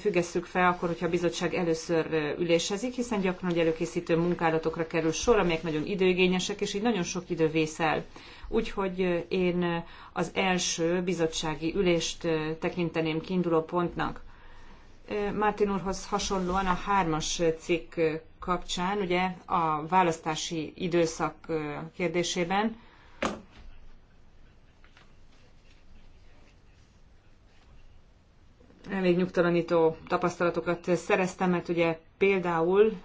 függesszük fel akkor, hogyha a bizottság először ülésezik, hiszen gyakran hogy előkészítő munkálatokra kerül sor, amelyek nagyon időigényesek, és így nagyon sok idő vészel. Úgyhogy én az első bizottsági ülést tekinteném kiinduló pontnak. Mártin úrhoz hasonlóan a hármas cikk kapcsán, ugye a választási időszak kérdésében, elég nyugtalanító tapasztalatokat szereztem, mert ugye például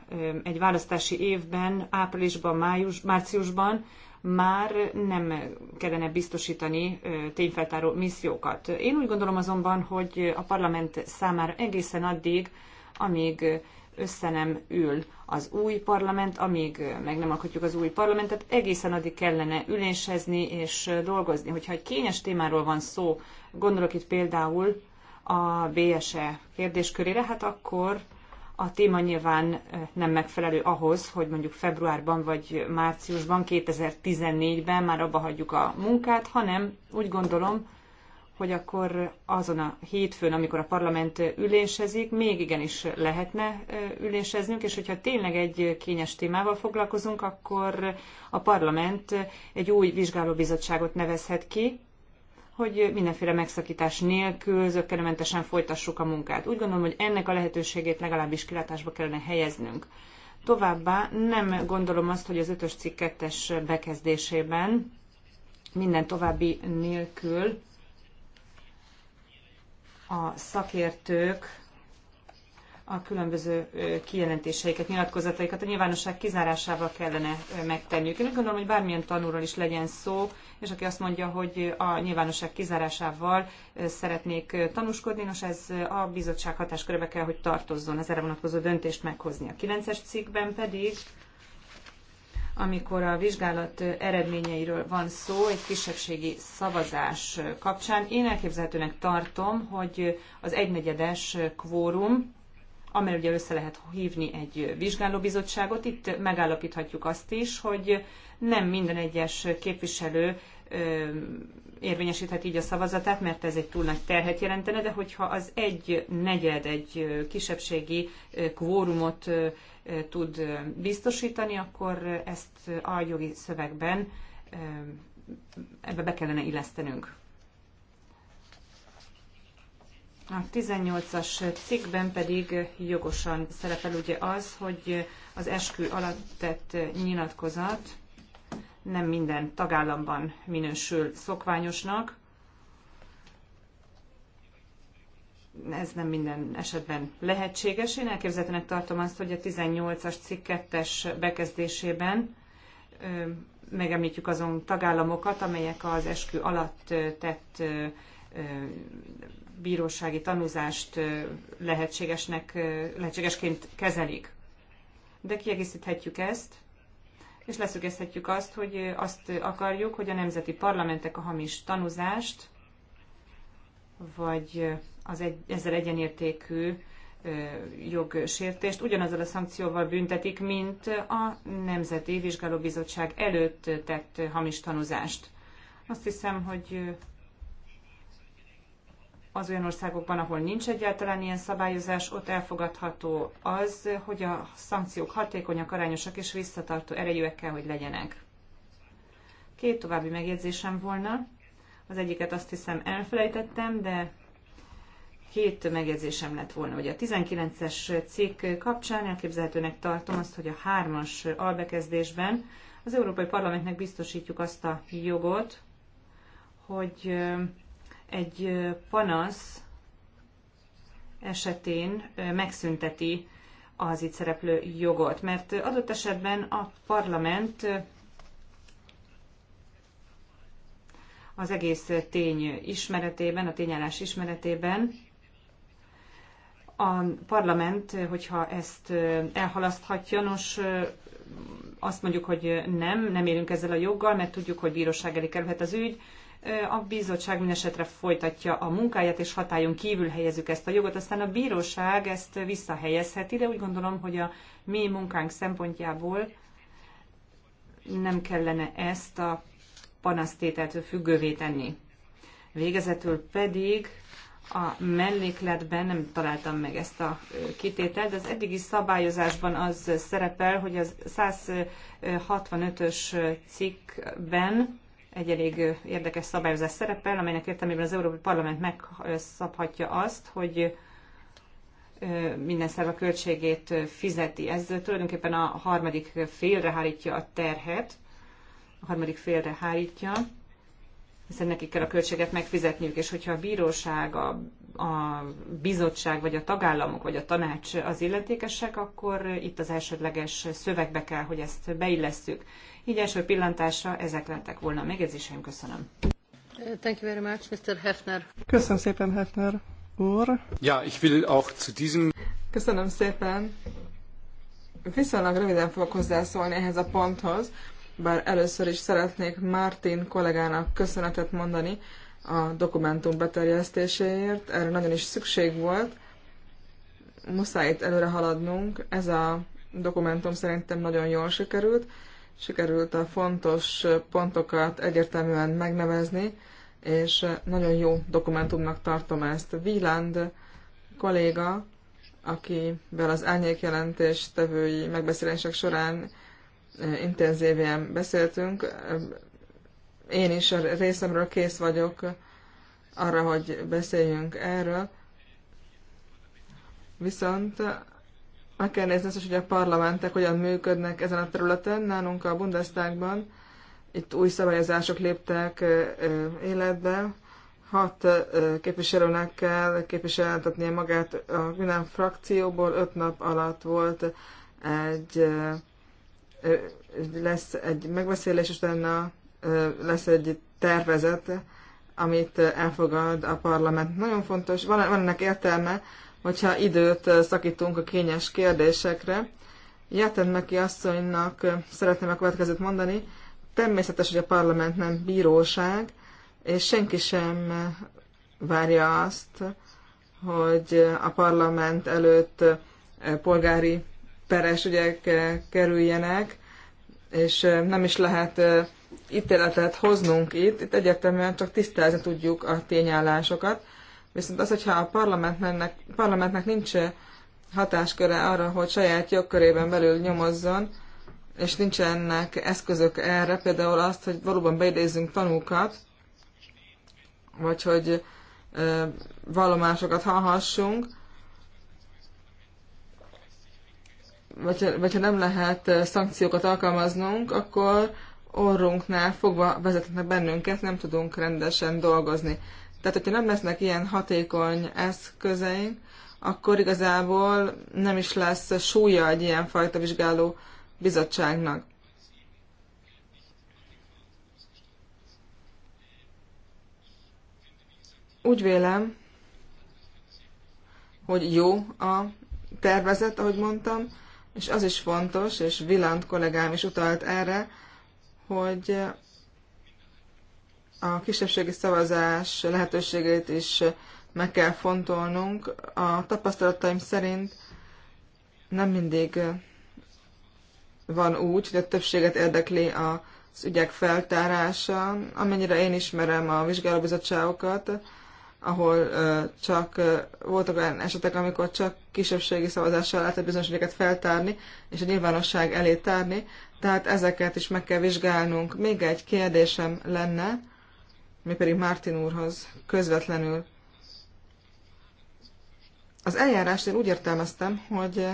egy választási évben, áprilisban, május, márciusban már nem kellene biztosítani tényfeltáró missziókat. Én úgy gondolom azonban, hogy a parlament számára egészen addig, amíg össze nem ül az új parlament, amíg meg nem alkotjuk az új parlamentet, egészen addig kellene ülésezni és dolgozni. Hogyha egy kényes témáról van szó, gondolok itt például a BSE kérdéskörére, hát akkor a téma nyilván nem megfelelő ahhoz, hogy mondjuk februárban vagy márciusban, 2014-ben már abba hagyjuk a munkát, hanem úgy gondolom, hogy akkor azon a hétfőn, amikor a parlament ülésezik, még igenis lehetne üléseznünk, és hogyha tényleg egy kényes témával foglalkozunk, akkor a parlament egy új vizsgálóbizottságot nevezhet ki, hogy mindenféle megszakítás nélkül zöggenőmentesen folytassuk a munkát. Úgy gondolom, hogy ennek a lehetőségét legalábbis kilátásba kellene helyeznünk. Továbbá nem gondolom azt, hogy az ötös cikk kettes bekezdésében minden további nélkül a szakértők a különböző kijelentéseiket, nyilatkozataikat a nyilvánosság kizárásával kellene megtenniük. Én úgy gondolom, hogy bármilyen tanúról is legyen szó, és aki azt mondja, hogy a nyilvánosság kizárásával szeretnék tanúskodni, nos ez a bizottság hatáskörébe kell, hogy tartozzon az erre vonatkozó döntést meghozni. A 9-es cikkben pedig amikor a vizsgálat eredményeiről van szó egy kisebbségi szavazás kapcsán. Én elképzelhetőnek tartom, hogy az egynegyedes kvórum amely ugye össze lehet hívni egy vizsgálóbizottságot. Itt megállapíthatjuk azt is, hogy nem minden egyes képviselő érvényesíthet így a szavazatát, mert ez egy túl nagy terhet jelentene, de hogyha az egy negyed egy kisebbségi kvórumot tud biztosítani, akkor ezt a jogi szövegben ebbe be kellene illesztenünk. A 18-as cikkben pedig jogosan szerepel ugye az, hogy az eskü alatt tett nyilatkozat nem minden tagállamban minősül szokványosnak. Ez nem minden esetben lehetséges. Én elképzelhetőnek tartom azt, hogy a 18-as cikk 2 bekezdésében megemlítjük azon tagállamokat, amelyek az eskü alatt tett bírósági tanúzást lehetségesnek, lehetségesként kezelik. De kiegészíthetjük ezt, és leszögezhetjük azt, hogy azt akarjuk, hogy a nemzeti parlamentek a hamis tanúzást, vagy az egy, ezzel egyenértékű jogsértést ugyanazzal a szankcióval büntetik, mint a Nemzeti Vizsgálóbizottság előtt tett hamis tanúzást. Azt hiszem, hogy az olyan országokban, ahol nincs egyáltalán ilyen szabályozás, ott elfogadható az, hogy a szankciók hatékonyak, arányosak és visszatartó erejűek kell, hogy legyenek. Két további megjegyzésem volna. Az egyiket azt hiszem elfelejtettem, de két megjegyzésem lett volna. Ugye a 19-es cikk kapcsán elképzelhetőnek tartom azt, hogy a hármas albekezdésben az Európai Parlamentnek biztosítjuk azt a jogot, hogy egy panasz esetén megszünteti az itt szereplő jogot, mert adott esetben a parlament az egész tény ismeretében, a tényállás ismeretében a parlament, hogyha ezt elhalaszthatja, nos, azt mondjuk, hogy nem, nem élünk ezzel a joggal, mert tudjuk, hogy bíróság elé kerülhet az ügy, a bizottság mindesetre folytatja a munkáját, és hatályon kívül helyezzük ezt a jogot. Aztán a bíróság ezt visszahelyezheti, de úgy gondolom, hogy a mi munkánk szempontjából nem kellene ezt a panasztételtől függővé tenni. Végezetül pedig a mellékletben nem találtam meg ezt a kitételt, de az eddigi szabályozásban az szerepel, hogy az 165-ös cikkben egy elég érdekes szabályozás szerepel, amelynek értelmében az Európai Parlament megszabhatja azt, hogy minden szerv a költségét fizeti. Ez tulajdonképpen a harmadik félre hárítja a terhet, a harmadik félre hárítja, hiszen nekik kell a költséget megfizetniük, és hogyha a bíróság, a, a bizottság, vagy a tagállamok, vagy a tanács az illetékesek, akkor itt az elsődleges szövegbe kell, hogy ezt beillesszük. Így első pillantásra ezek lettek volna a megjegyzéseim. Köszönöm. Thank you very much, Mr. Hefner. Köszönöm szépen, Hefner úr. Ja, ich will auch zu diesem... Köszönöm szépen. Viszonylag röviden fogok hozzászólni ehhez a ponthoz bár először is szeretnék Martin kollégának köszönetet mondani a dokumentum beterjesztéséért. Erre nagyon is szükség volt. Muszáj itt előre haladnunk. Ez a dokumentum szerintem nagyon jól sikerült. Sikerült a fontos pontokat egyértelműen megnevezni, és nagyon jó dokumentumnak tartom ezt. Wieland kolléga, akivel az árnyék jelentés tevői megbeszélések során intenzívén beszéltünk. Én is a részemről kész vagyok arra, hogy beszéljünk erről. Viszont meg kell nézni azt, hogy a parlamentek hogyan működnek ezen a területen. Nálunk a Bundestagban itt új szabályozások léptek életbe. Hat képviselőnek kell képviseltetnie magát a minden frakcióból. Öt nap alatt volt egy lesz egy megbeszélés, és utána lesz egy tervezet, amit elfogad a parlament. Nagyon fontos, van, van ennek értelme, hogyha időt szakítunk a kényes kérdésekre. Jelten neki asszonynak szeretném a következőt mondani. Természetes, hogy a parlament nem bíróság, és senki sem várja azt, hogy a parlament előtt polgári peres ügyek kerüljenek, és nem is lehet ítéletet hoznunk itt, itt egyértelműen csak tisztázni tudjuk a tényállásokat, viszont az, hogyha a parlamentnek, parlamentnek nincs hatásköre arra, hogy saját jogkörében belül nyomozzon, és nincsenek eszközök erre, például azt, hogy valóban beidézzünk tanúkat, vagy hogy ö, vallomásokat hallhassunk, vagy, vagy ha nem lehet szankciókat alkalmaznunk, akkor orrunknál fogva vezetnek bennünket, nem tudunk rendesen dolgozni. Tehát, hogyha nem lesznek ilyen hatékony eszközeink, akkor igazából nem is lesz súlya egy ilyenfajta vizsgáló bizottságnak. Úgy vélem, hogy jó a tervezet, ahogy mondtam, és az is fontos, és Vilant kollégám is utalt erre, hogy a kisebbségi szavazás lehetőségét is meg kell fontolnunk. A tapasztalataim szerint nem mindig van úgy, hogy a többséget érdekli az ügyek feltárása. Amennyire én ismerem a vizsgálóbizottságokat, ahol csak voltak olyan esetek, amikor csak kisebbségi szavazással lehetett bizonyos ügyeket feltárni, és a nyilvánosság elé tárni, tehát ezeket is meg kell vizsgálnunk. Még egy kérdésem lenne, mi pedig Mártin úrhoz közvetlenül. Az eljárást én úgy értelmeztem, hogy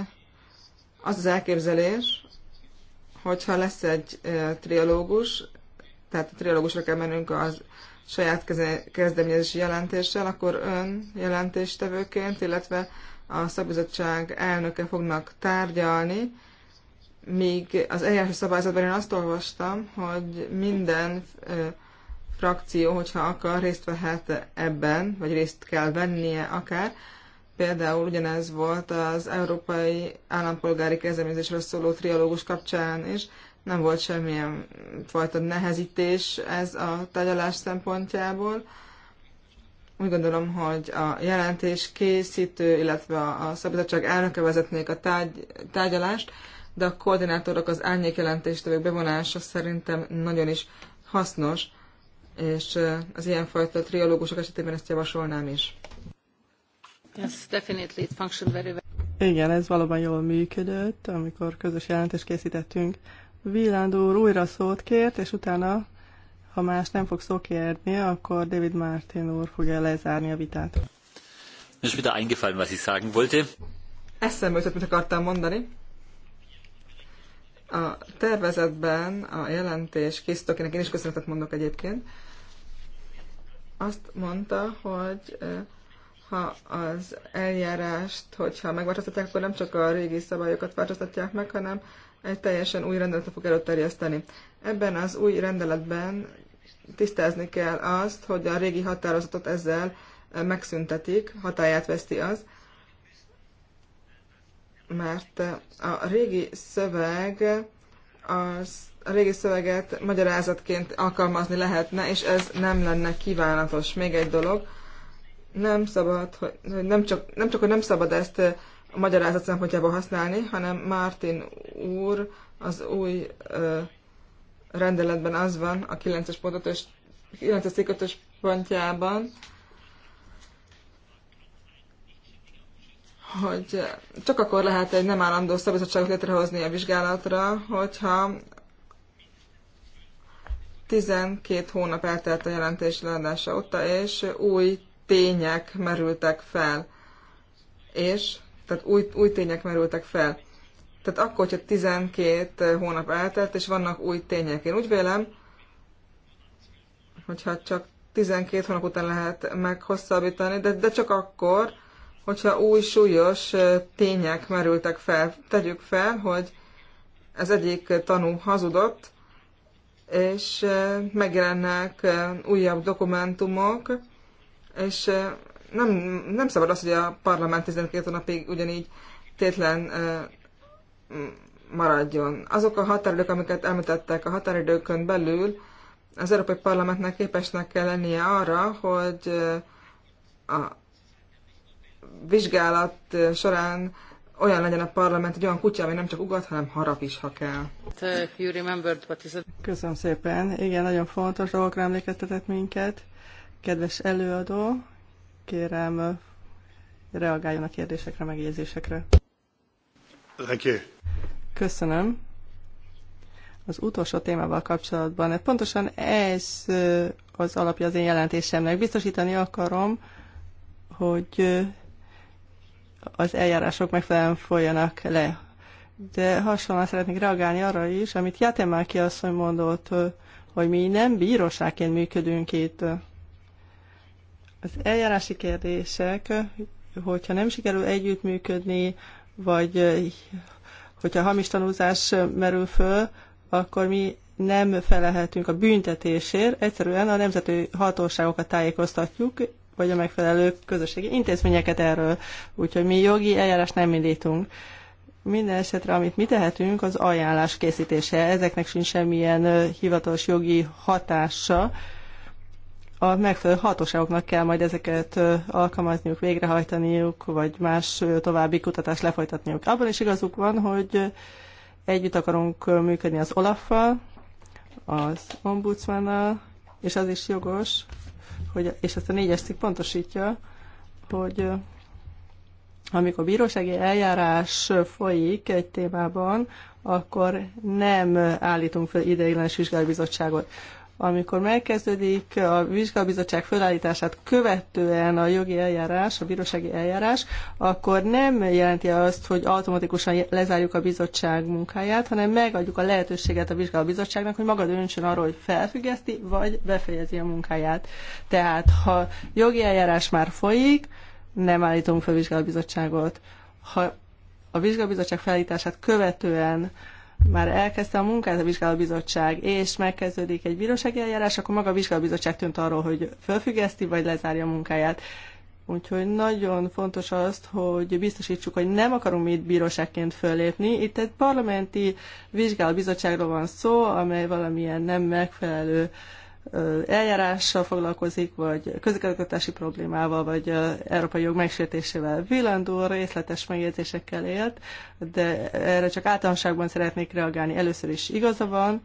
az az elképzelés, hogyha lesz egy triológus, tehát a triológusra kell mennünk az saját kezdeményezési jelentéssel, akkor ön jelentéstevőként, illetve a szabizottság elnöke fognak tárgyalni, míg az eljárási szabályzatban én azt olvastam, hogy minden frakció, hogyha akar, részt vehet ebben, vagy részt kell vennie akár. Például ugyanez volt az Európai Állampolgári Kezdeményezésről szóló trialógus kapcsán is, nem volt semmilyen fajta nehezítés ez a tárgyalás szempontjából. Úgy gondolom, hogy a jelentés készítő, illetve a szabadság elnöke vezetnék a tárgy, tárgyalást, de a koordinátorok az árnyék jelentéstevők bevonása szerintem nagyon is hasznos, és az ilyenfajta triológusok esetében ezt javasolnám is. Yes, definitely it functioned very well. Igen, ez valóban jól működött, amikor közös jelentést készítettünk. Villandó úr újra szót kért, és utána, ha más nem fog szókérni, akkor David Martin úr fogja lezárni a vitát. Mir ist wieder eingefallen, was ich sagen wollte. Eszembe jutott, mit akartam mondani. A tervezetben a jelentés készítőkének én is köszönetet mondok egyébként, azt mondta, hogy ha az eljárást, hogyha megváltoztatják, akkor nem csak a régi szabályokat változtatják meg, hanem egy teljesen új rendeletet fog előterjeszteni. Ebben az új rendeletben tisztázni kell azt, hogy a régi határozatot ezzel eh, megszüntetik, hatáját veszti az, mert eh, a régi szöveg az a régi szöveget magyarázatként alkalmazni lehetne, és ez nem lenne kívánatos. Még egy dolog, nem szabad, hogy nem csak, nem csak, hogy nem szabad ezt eh, magyarázat szempontjából használni, hanem Martin úr az új ö, rendeletben az van a 9-es pontot és 9-es pontjában, hogy csak akkor lehet egy nem állandó szabizottságot létrehozni a vizsgálatra, hogyha 12 hónap eltelt a jelentés leadása óta, és új tények merültek fel. És tehát új, új tények merültek fel. Tehát akkor, hogyha 12 eh, hónap eltelt, és vannak új tények. Én úgy vélem, hogyha csak 12 hónap után lehet meghosszabbítani, de, de csak akkor, hogyha új súlyos eh, tények merültek fel. Tegyük fel, hogy ez egyik eh, tanú hazudott, és megjelennek újabb dokumentumok, és nem, nem szabad az, hogy a parlament 12 napig ugyanígy tétlen maradjon. Azok a határidők, amiket említettek a határidőkön belül, az Európai Parlamentnek képesnek kell lennie arra, hogy a vizsgálat során olyan legyen a parlament, hogy olyan kutya, ami nem csak ugat, hanem harap is, ha kell. Köszönöm szépen. Igen, nagyon fontos dolgokra emlékeztetett minket. Kedves előadó, Kérem, reagáljon a kérdésekre, megjegyzésekre. Thank you. Köszönöm. Az utolsó témával kapcsolatban, pontosan ez az alapja az én jelentésemnek. Biztosítani akarom, hogy az eljárások megfelelően folyanak le. De hasonlóan szeretnék reagálni arra is, amit Játemáki asszony mondott, hogy mi nem bíróságként működünk itt. Az eljárási kérdések, hogyha nem sikerül együttműködni, vagy hogyha hamis tanúzás merül föl, akkor mi nem felelhetünk a büntetésért, egyszerűen a nemzeti hatóságokat tájékoztatjuk, vagy a megfelelő közösségi intézményeket erről. Úgyhogy mi jogi eljárás nem indítunk. Minden esetre, amit mi tehetünk, az ajánlás készítése. Ezeknek sincs semmilyen hivatalos jogi hatása, a megfelelő hatóságoknak kell majd ezeket alkalmazniuk, végrehajtaniuk, vagy más további kutatást lefolytatniuk. Abban is igazuk van, hogy együtt akarunk működni az Olaf, az ombudsmannal, és az is jogos, hogy, és ezt a négyes cikk pontosítja, hogy amikor bírósági eljárás folyik egy témában, akkor nem állítunk fel ideiglenes vizsgálóbizottságot amikor megkezdődik a vizsgálbizottság felállítását követően a jogi eljárás, a bírósági eljárás, akkor nem jelenti azt, hogy automatikusan lezárjuk a bizottság munkáját, hanem megadjuk a lehetőséget a vizsgabizottságnak, hogy maga döntsön arról, hogy felfüggeszti, vagy befejezi a munkáját. Tehát, ha jogi eljárás már folyik, nem állítunk fel vizsgabizottságot. Ha a vizsgabizottság felállítását követően már elkezdte a munkát a vizsgálóbizottság, és megkezdődik egy bírósági eljárás, akkor maga a vizsgálóbizottság tűnt arról, hogy fölfüggeszti, vagy lezárja a munkáját. Úgyhogy nagyon fontos azt, hogy biztosítsuk, hogy nem akarunk mi itt bíróságként fölépni. Itt egy parlamenti vizsgálóbizottságról van szó, amely valamilyen nem megfelelő uh, eljárással foglalkozik, vagy közigazgatási problémával, vagy európai jog megsértésével. Villandó részletes megjegyzésekkel élt, de erre csak általánosságban szeretnék reagálni. Először is igaza van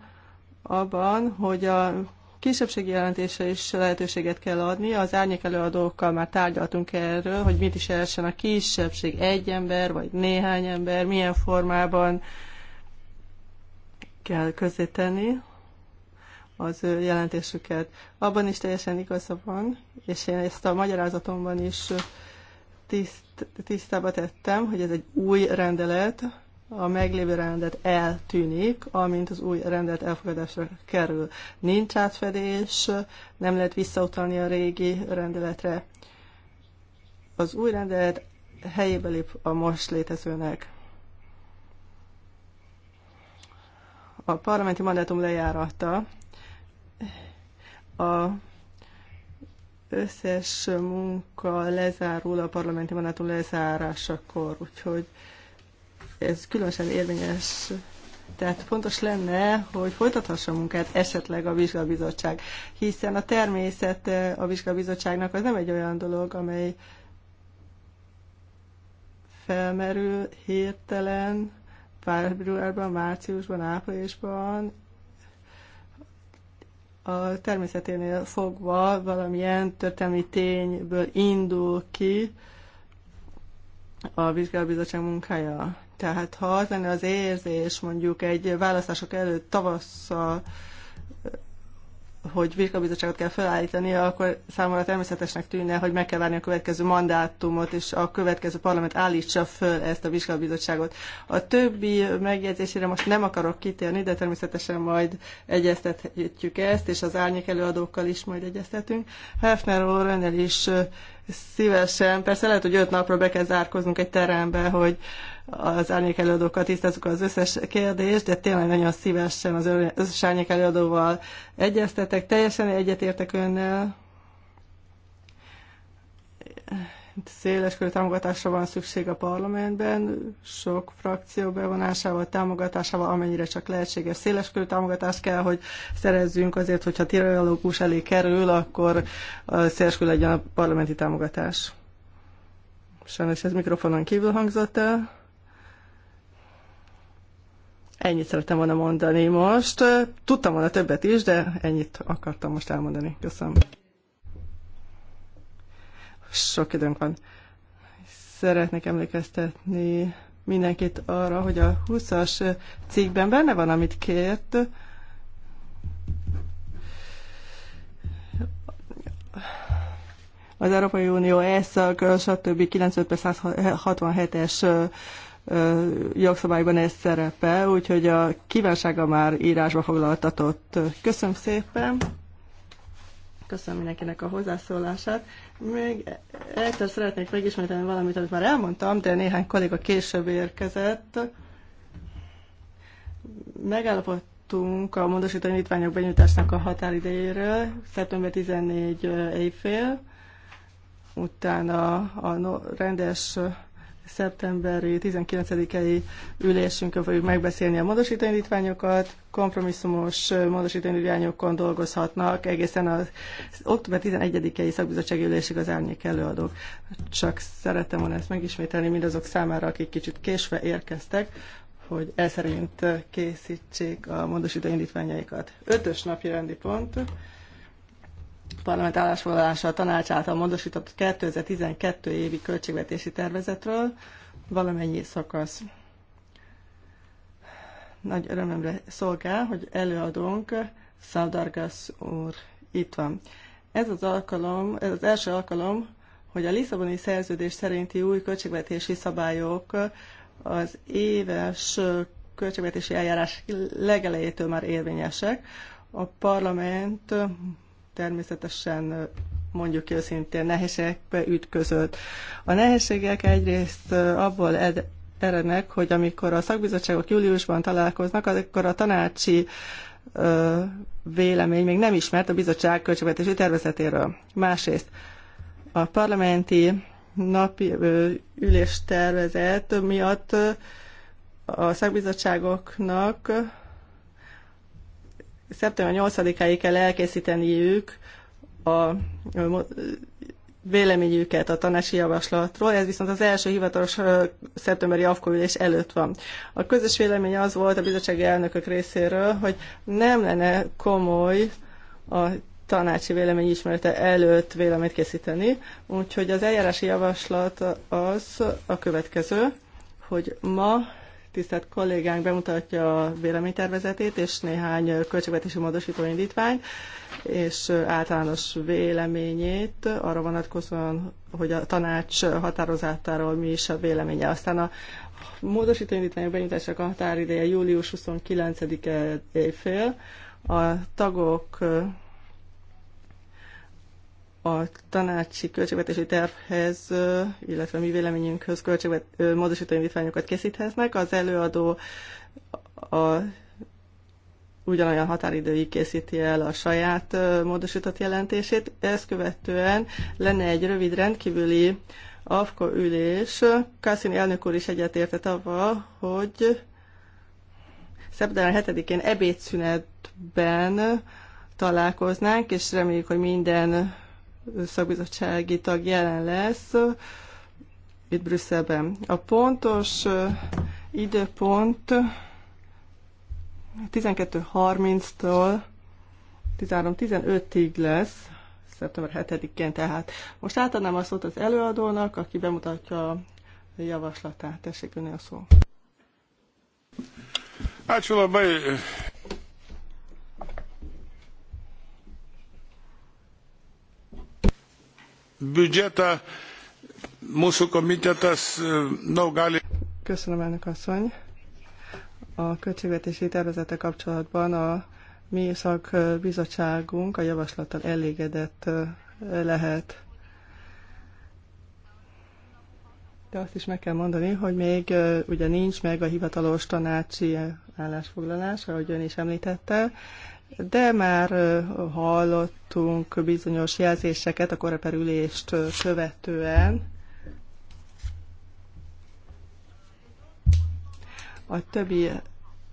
abban, hogy a kisebbségi jelentése is lehetőséget kell adni. Az árnyék előadókkal már tárgyaltunk erről, hogy mit is jelentsen a kisebbség egy ember, vagy néhány ember, milyen formában kell közzétenni, az jelentésüket. Abban is teljesen igaza van, és én ezt a magyarázatomban is tiszt, tisztába tettem, hogy ez egy új rendelet, a meglévő rendet eltűnik, amint az új rendelet elfogadásra kerül. Nincs átfedés, nem lehet visszautalni a régi rendeletre. Az új rendelet helyébe lép a most létezőnek. A parlamenti mandátum lejárata a összes munka lezárul a parlamenti mandátum lezárásakor, úgyhogy ez különösen érvényes. Tehát fontos lenne, hogy folytathassa a munkát esetleg a vizsgabizottság, hiszen a természet a vizsgabizottságnak az nem egy olyan dolog, amely felmerül hirtelen februárban, márciusban, áprilisban, a természeténél fogva valamilyen történelmi tényből indul ki a vizsgálóbizottság munkája. Tehát ha az lenne az érzés mondjuk egy választások előtt tavasszal hogy vizsgabizottságot kell felállítani, akkor számomra természetesnek tűnne, hogy meg kell várni a következő mandátumot, és a következő parlament állítsa föl ezt a vizsgabizottságot. A többi megjegyzésére most nem akarok kitérni, de természetesen majd egyeztetjük ezt, és az árnyék előadókkal is majd egyeztetünk. Hefner Orrennel is szívesen, persze lehet, hogy öt napra be kell zárkoznunk egy terembe, hogy az árnyék előadókkal tisztázzuk az összes kérdést, de tényleg nagyon szívesen az összes árnyék előadóval egyeztetek. Teljesen egyetértek önnel. Széleskörű támogatásra van szükség a parlamentben, sok frakció bevonásával, támogatásával, amennyire csak lehetséges. Széleskörű támogatást kell, hogy szerezzünk azért, hogyha tirológus elé kerül, akkor széles legyen a parlamenti támogatás. Sajnos ez mikrofonon kívül hangzott el. Ennyit szerettem volna mondani most. Tudtam volna többet is, de ennyit akartam most elmondani. Köszönöm. Sok időnk van. Szeretnék emlékeztetni mindenkit arra, hogy a 20-as cikkben benne van, amit kért. Az Európai Unió ESZAG, stb. 95 167-es jogszabályban ez szerepel, úgyhogy a kívánsága már írásba foglaltatott. Köszönöm szépen! Köszönöm mindenkinek a hozzászólását. Még egyszer szeretnék megismételni valamit, amit már elmondtam, de néhány kolléga később érkezett. Megállapodtunk a módosító indítványok benyújtásnak a határidejéről, szeptember 14 éjfél, utána a rendes szeptemberi 19-i ülésünkön fogjuk megbeszélni a módosítóindítványokat. Kompromisszumos módosítóindítványokon dolgozhatnak egészen az október 11-i szakbizottsági ülésig az árnyék előadók. Csak szerettem volna ezt megismételni mindazok számára, akik kicsit késve érkeztek, hogy ez szerint készítsék a módosítóindítványaikat. Ötös napi rendi pont parlament állásfoglalása a tanács által módosított 2012 évi költségvetési tervezetről valamennyi szakasz. Nagy örömömre szolgál, hogy előadónk Szaudargas úr itt van. Ez az alkalom, ez az első alkalom, hogy a Lisszaboni szerződés szerinti új költségvetési szabályok az éves költségvetési eljárás legelejétől már érvényesek. A parlament természetesen mondjuk őszintén nehézségekbe ütközött. A nehézségek egyrészt abból ed- erednek, hogy amikor a szakbizottságok júliusban találkoznak, akkor a tanácsi ö, vélemény még nem ismert a bizottság költségvetési tervezetéről. Másrészt a parlamenti napi ö, üléstervezet miatt ö, a szakbizottságoknak szeptember 8-áig kell elkészíteniük a véleményüket a tanási javaslatról, ez viszont az első hivatalos szeptemberi afkóülés előtt van. A közös vélemény az volt a bizottsági elnökök részéről, hogy nem lenne komoly a tanácsi vélemény ismerete előtt véleményt készíteni, úgyhogy az eljárási javaslat az a következő, hogy ma tisztelt kollégánk bemutatja a véleménytervezetét és néhány költségvetési módosító indítványt, és általános véleményét arra vonatkozóan, hogy a tanács határozatáról mi is a véleménye. Aztán a módosító indítványok benyújtásának a határideje július 29-e éjfél. A tagok a tanácsi költségvetési tervhez, illetve mi véleményünkhöz költségvet, módosító indítványokat készíthetnek. Az előadó a, ugyanolyan határidőig készíti el a saját módosított jelentését. Ezt követően lenne egy rövid rendkívüli AFKO ülés. Kászini elnök úr is egyetértett avval, hogy szeptember 7-én ebédszünetben találkoznánk, és reméljük, hogy minden szakbizottsági tag jelen lesz itt Brüsszelben. A pontos időpont 12.30-tól 13.15-ig lesz, szeptember 7-én tehát. Most átadnám a szót az előadónak, aki bemutatja a javaslatát. Tessék önni a szó. Hát, Actually, biudžetą mūsų komitetas e, nav gali. Köszönöm, elnök asszony. A költségvetési tervezete kapcsolatban a mi szakbizottságunk a javaslattal elégedett e, lehet. De azt is meg kell mondani, hogy még e, ugye nincs meg a hivatalos tanácsi állásfoglalás, ahogy ön is említette, de már hallottunk bizonyos jelzéseket a koreperülést követően. A többi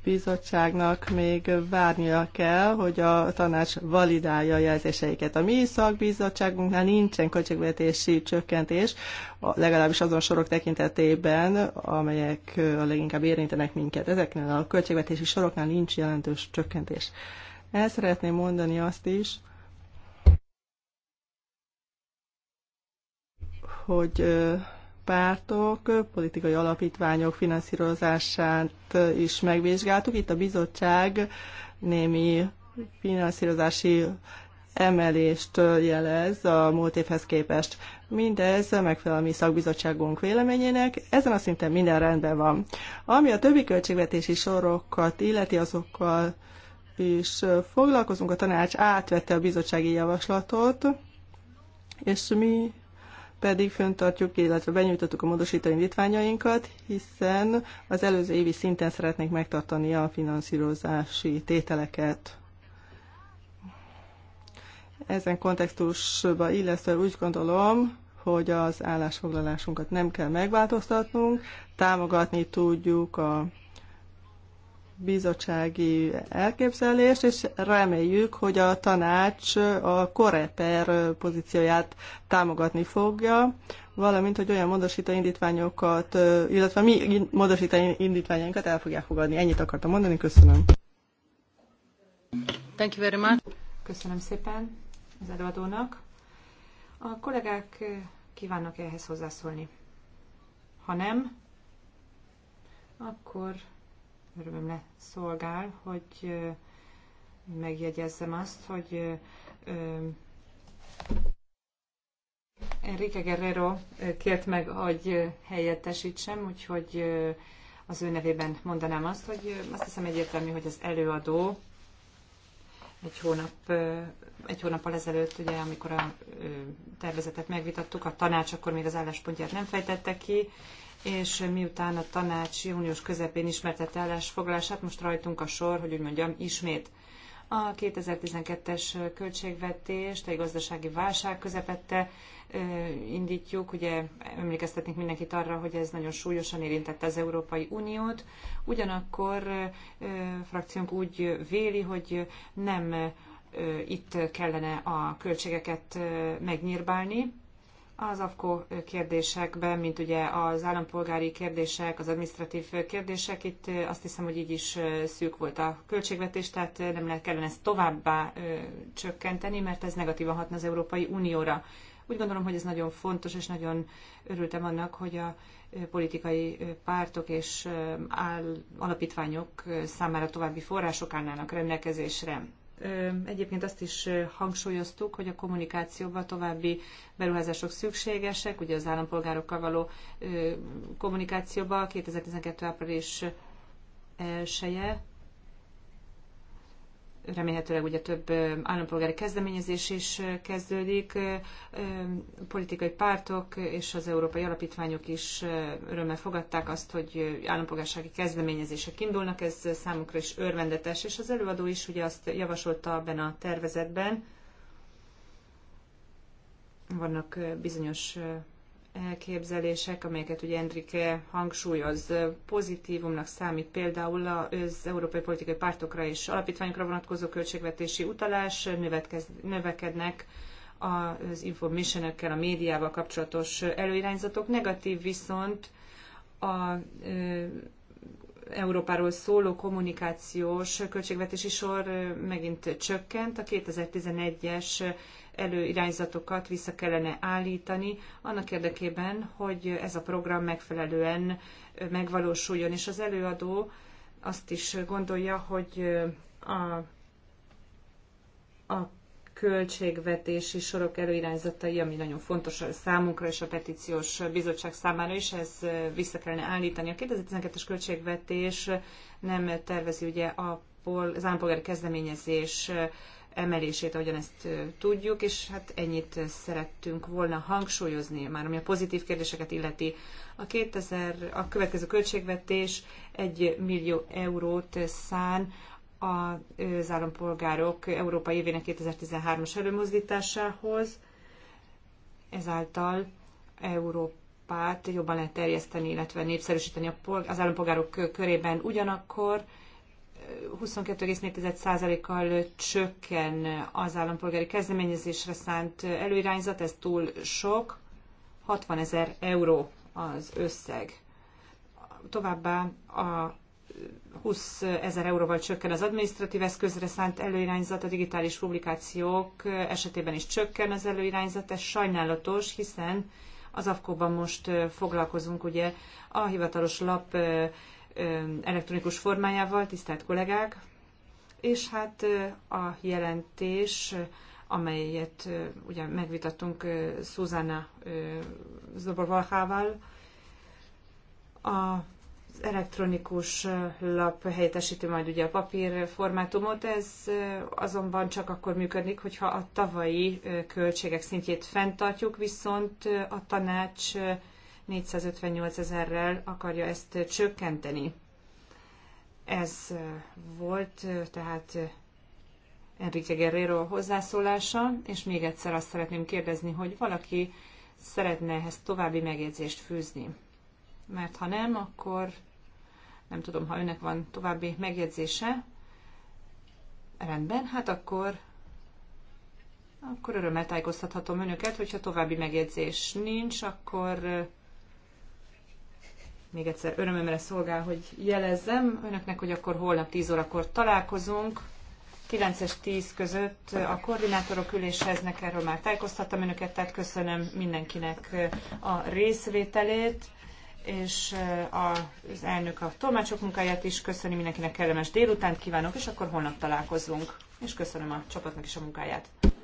bizottságnak még várnia kell, hogy a tanács validálja a jelzéseiket. A mi szakbizottságunknál nincsen költségvetési csökkentés, legalábbis azon sorok tekintetében, amelyek a leginkább érintenek minket. Ezeknél a költségvetési soroknál nincs jelentős csökkentés. El szeretném mondani azt is, hogy pártok, politikai alapítványok finanszírozását is megvizsgáltuk. Itt a bizottság némi finanszírozási emelést jelez a múlt évhez képest. Mindez megfelel a mi szakbizottságunk véleményének, ezen a szinten minden rendben van. Ami a többi költségvetési sorokat illeti, azokkal is foglalkozunk. A tanács átvette a bizottsági javaslatot, és mi pedig föntartjuk, illetve benyújtottuk a módosító indítványainkat, hiszen az előző évi szinten szeretnénk megtartani a finanszírozási tételeket. Ezen kontextusba illesztve úgy gondolom, hogy az állásfoglalásunkat nem kell megváltoztatnunk, támogatni tudjuk a bizottsági elképzelést, és reméljük, hogy a tanács a koreper pozícióját támogatni fogja, valamint, hogy olyan módosító indítványokat, illetve mi módosító indítványainkat el fogják fogadni. Ennyit akartam mondani, köszönöm. Thank you very much. Köszönöm szépen az előadónak. A kollégák kívánnak ehhez hozzászólni? Ha nem, akkor örömömre szolgál, hogy megjegyezzem azt, hogy Enrique Guerrero kért meg, hogy helyettesítsem, úgyhogy az ő nevében mondanám azt, hogy azt hiszem egyértelmű, hogy az előadó egy hónap, egy hónappal ezelőtt, ugye, amikor a tervezetet megvitattuk, a tanács akkor még az álláspontját nem fejtette ki, és miután a tanács június közepén ismertette állásfoglalását, most rajtunk a sor, hogy úgy mondjam, ismét a 2012-es költségvetést egy gazdasági válság közepette indítjuk. Ugye emlékeztetnénk mindenkit arra, hogy ez nagyon súlyosan érintette az Európai Uniót. Ugyanakkor frakciónk úgy véli, hogy nem itt kellene a költségeket megnyírbálni, az AFKO kérdésekben, mint ugye az állampolgári kérdések, az administratív kérdések, itt azt hiszem, hogy így is szűk volt a költségvetés, tehát nem lehet kellene ezt továbbá csökkenteni, mert ez negatívan hatna az Európai Unióra. Úgy gondolom, hogy ez nagyon fontos, és nagyon örültem annak, hogy a politikai pártok és alapítványok számára további források állnának rendelkezésre. Egyébként azt is hangsúlyoztuk, hogy a kommunikációban további beruházások szükségesek, ugye az állampolgárokkal való kommunikációban 2012. április 1 -e remélhetőleg ugye több állampolgári kezdeményezés is kezdődik, politikai pártok és az európai alapítványok is örömmel fogadták azt, hogy állampolgársági kezdeményezések indulnak, ez számukra is örvendetes, és az előadó is ugye azt javasolta ebben a tervezetben, vannak bizonyos elképzelések, amelyeket ugye Enrique hangsúlyoz pozitívumnak számít például az európai politikai pártokra és alapítványokra vonatkozó költségvetési utalás, növekednek az information a médiával kapcsolatos előirányzatok, negatív viszont a Európáról szóló kommunikációs költségvetési sor megint csökkent. A 2011-es előirányzatokat vissza kellene állítani, annak érdekében, hogy ez a program megfelelően megvalósuljon. És az előadó azt is gondolja, hogy a, a költségvetési sorok előirányzatai, ami nagyon fontos számunkra és a petíciós bizottság számára is, ez vissza kellene állítani. A 2012-es költségvetés nem tervezi ugye a az állampolgári kezdeményezés emelését, ahogyan ezt tudjuk, és hát ennyit szerettünk volna hangsúlyozni, már ami a pozitív kérdéseket illeti. A, 2000, a következő költségvetés egy millió eurót szán az állampolgárok Európai évének 2013-as előmozdításához, ezáltal Európát jobban lehet terjeszteni, illetve népszerűsíteni az állampolgárok körében ugyanakkor, 22,4%-kal csökken az állampolgári kezdeményezésre szánt előirányzat, ez túl sok, 60 ezer euró az összeg. Továbbá a 20 ezer euróval csökken az adminisztratív eszközre szánt előirányzat, a digitális publikációk esetében is csökken az előirányzat, ez sajnálatos, hiszen az AFKO-ban most foglalkozunk ugye a hivatalos lap elektronikus formájával, tisztelt kollégák, és hát a jelentés, amelyet ugye megvitattunk Susanna Zoborvalhával, az elektronikus lap helyettesíti majd ugye a papír formátumot, ez azonban csak akkor működik, hogyha a tavalyi költségek szintjét fenntartjuk, viszont a tanács 458 ezerrel akarja ezt csökkenteni. Ez volt tehát Enrique Guerrero hozzászólása, és még egyszer azt szeretném kérdezni, hogy valaki szeretne ehhez további megjegyzést fűzni. Mert ha nem, akkor nem tudom, ha önnek van további megjegyzése. Rendben, hát akkor akkor örömmel tájékoztathatom önöket, hogyha további megjegyzés nincs, akkor még egyszer örömömre szolgál, hogy jelezzem önöknek, hogy akkor holnap 10 órakor találkozunk. 9 és 10 között a koordinátorok üléseznek, erről már tájékoztattam önöket, tehát köszönöm mindenkinek a részvételét, és eh, az elnök a tolmácsok munkáját is köszöni, mindenkinek kellemes délutánt kívánok, és akkor holnap találkozunk. És köszönöm a csapatnak is a munkáját.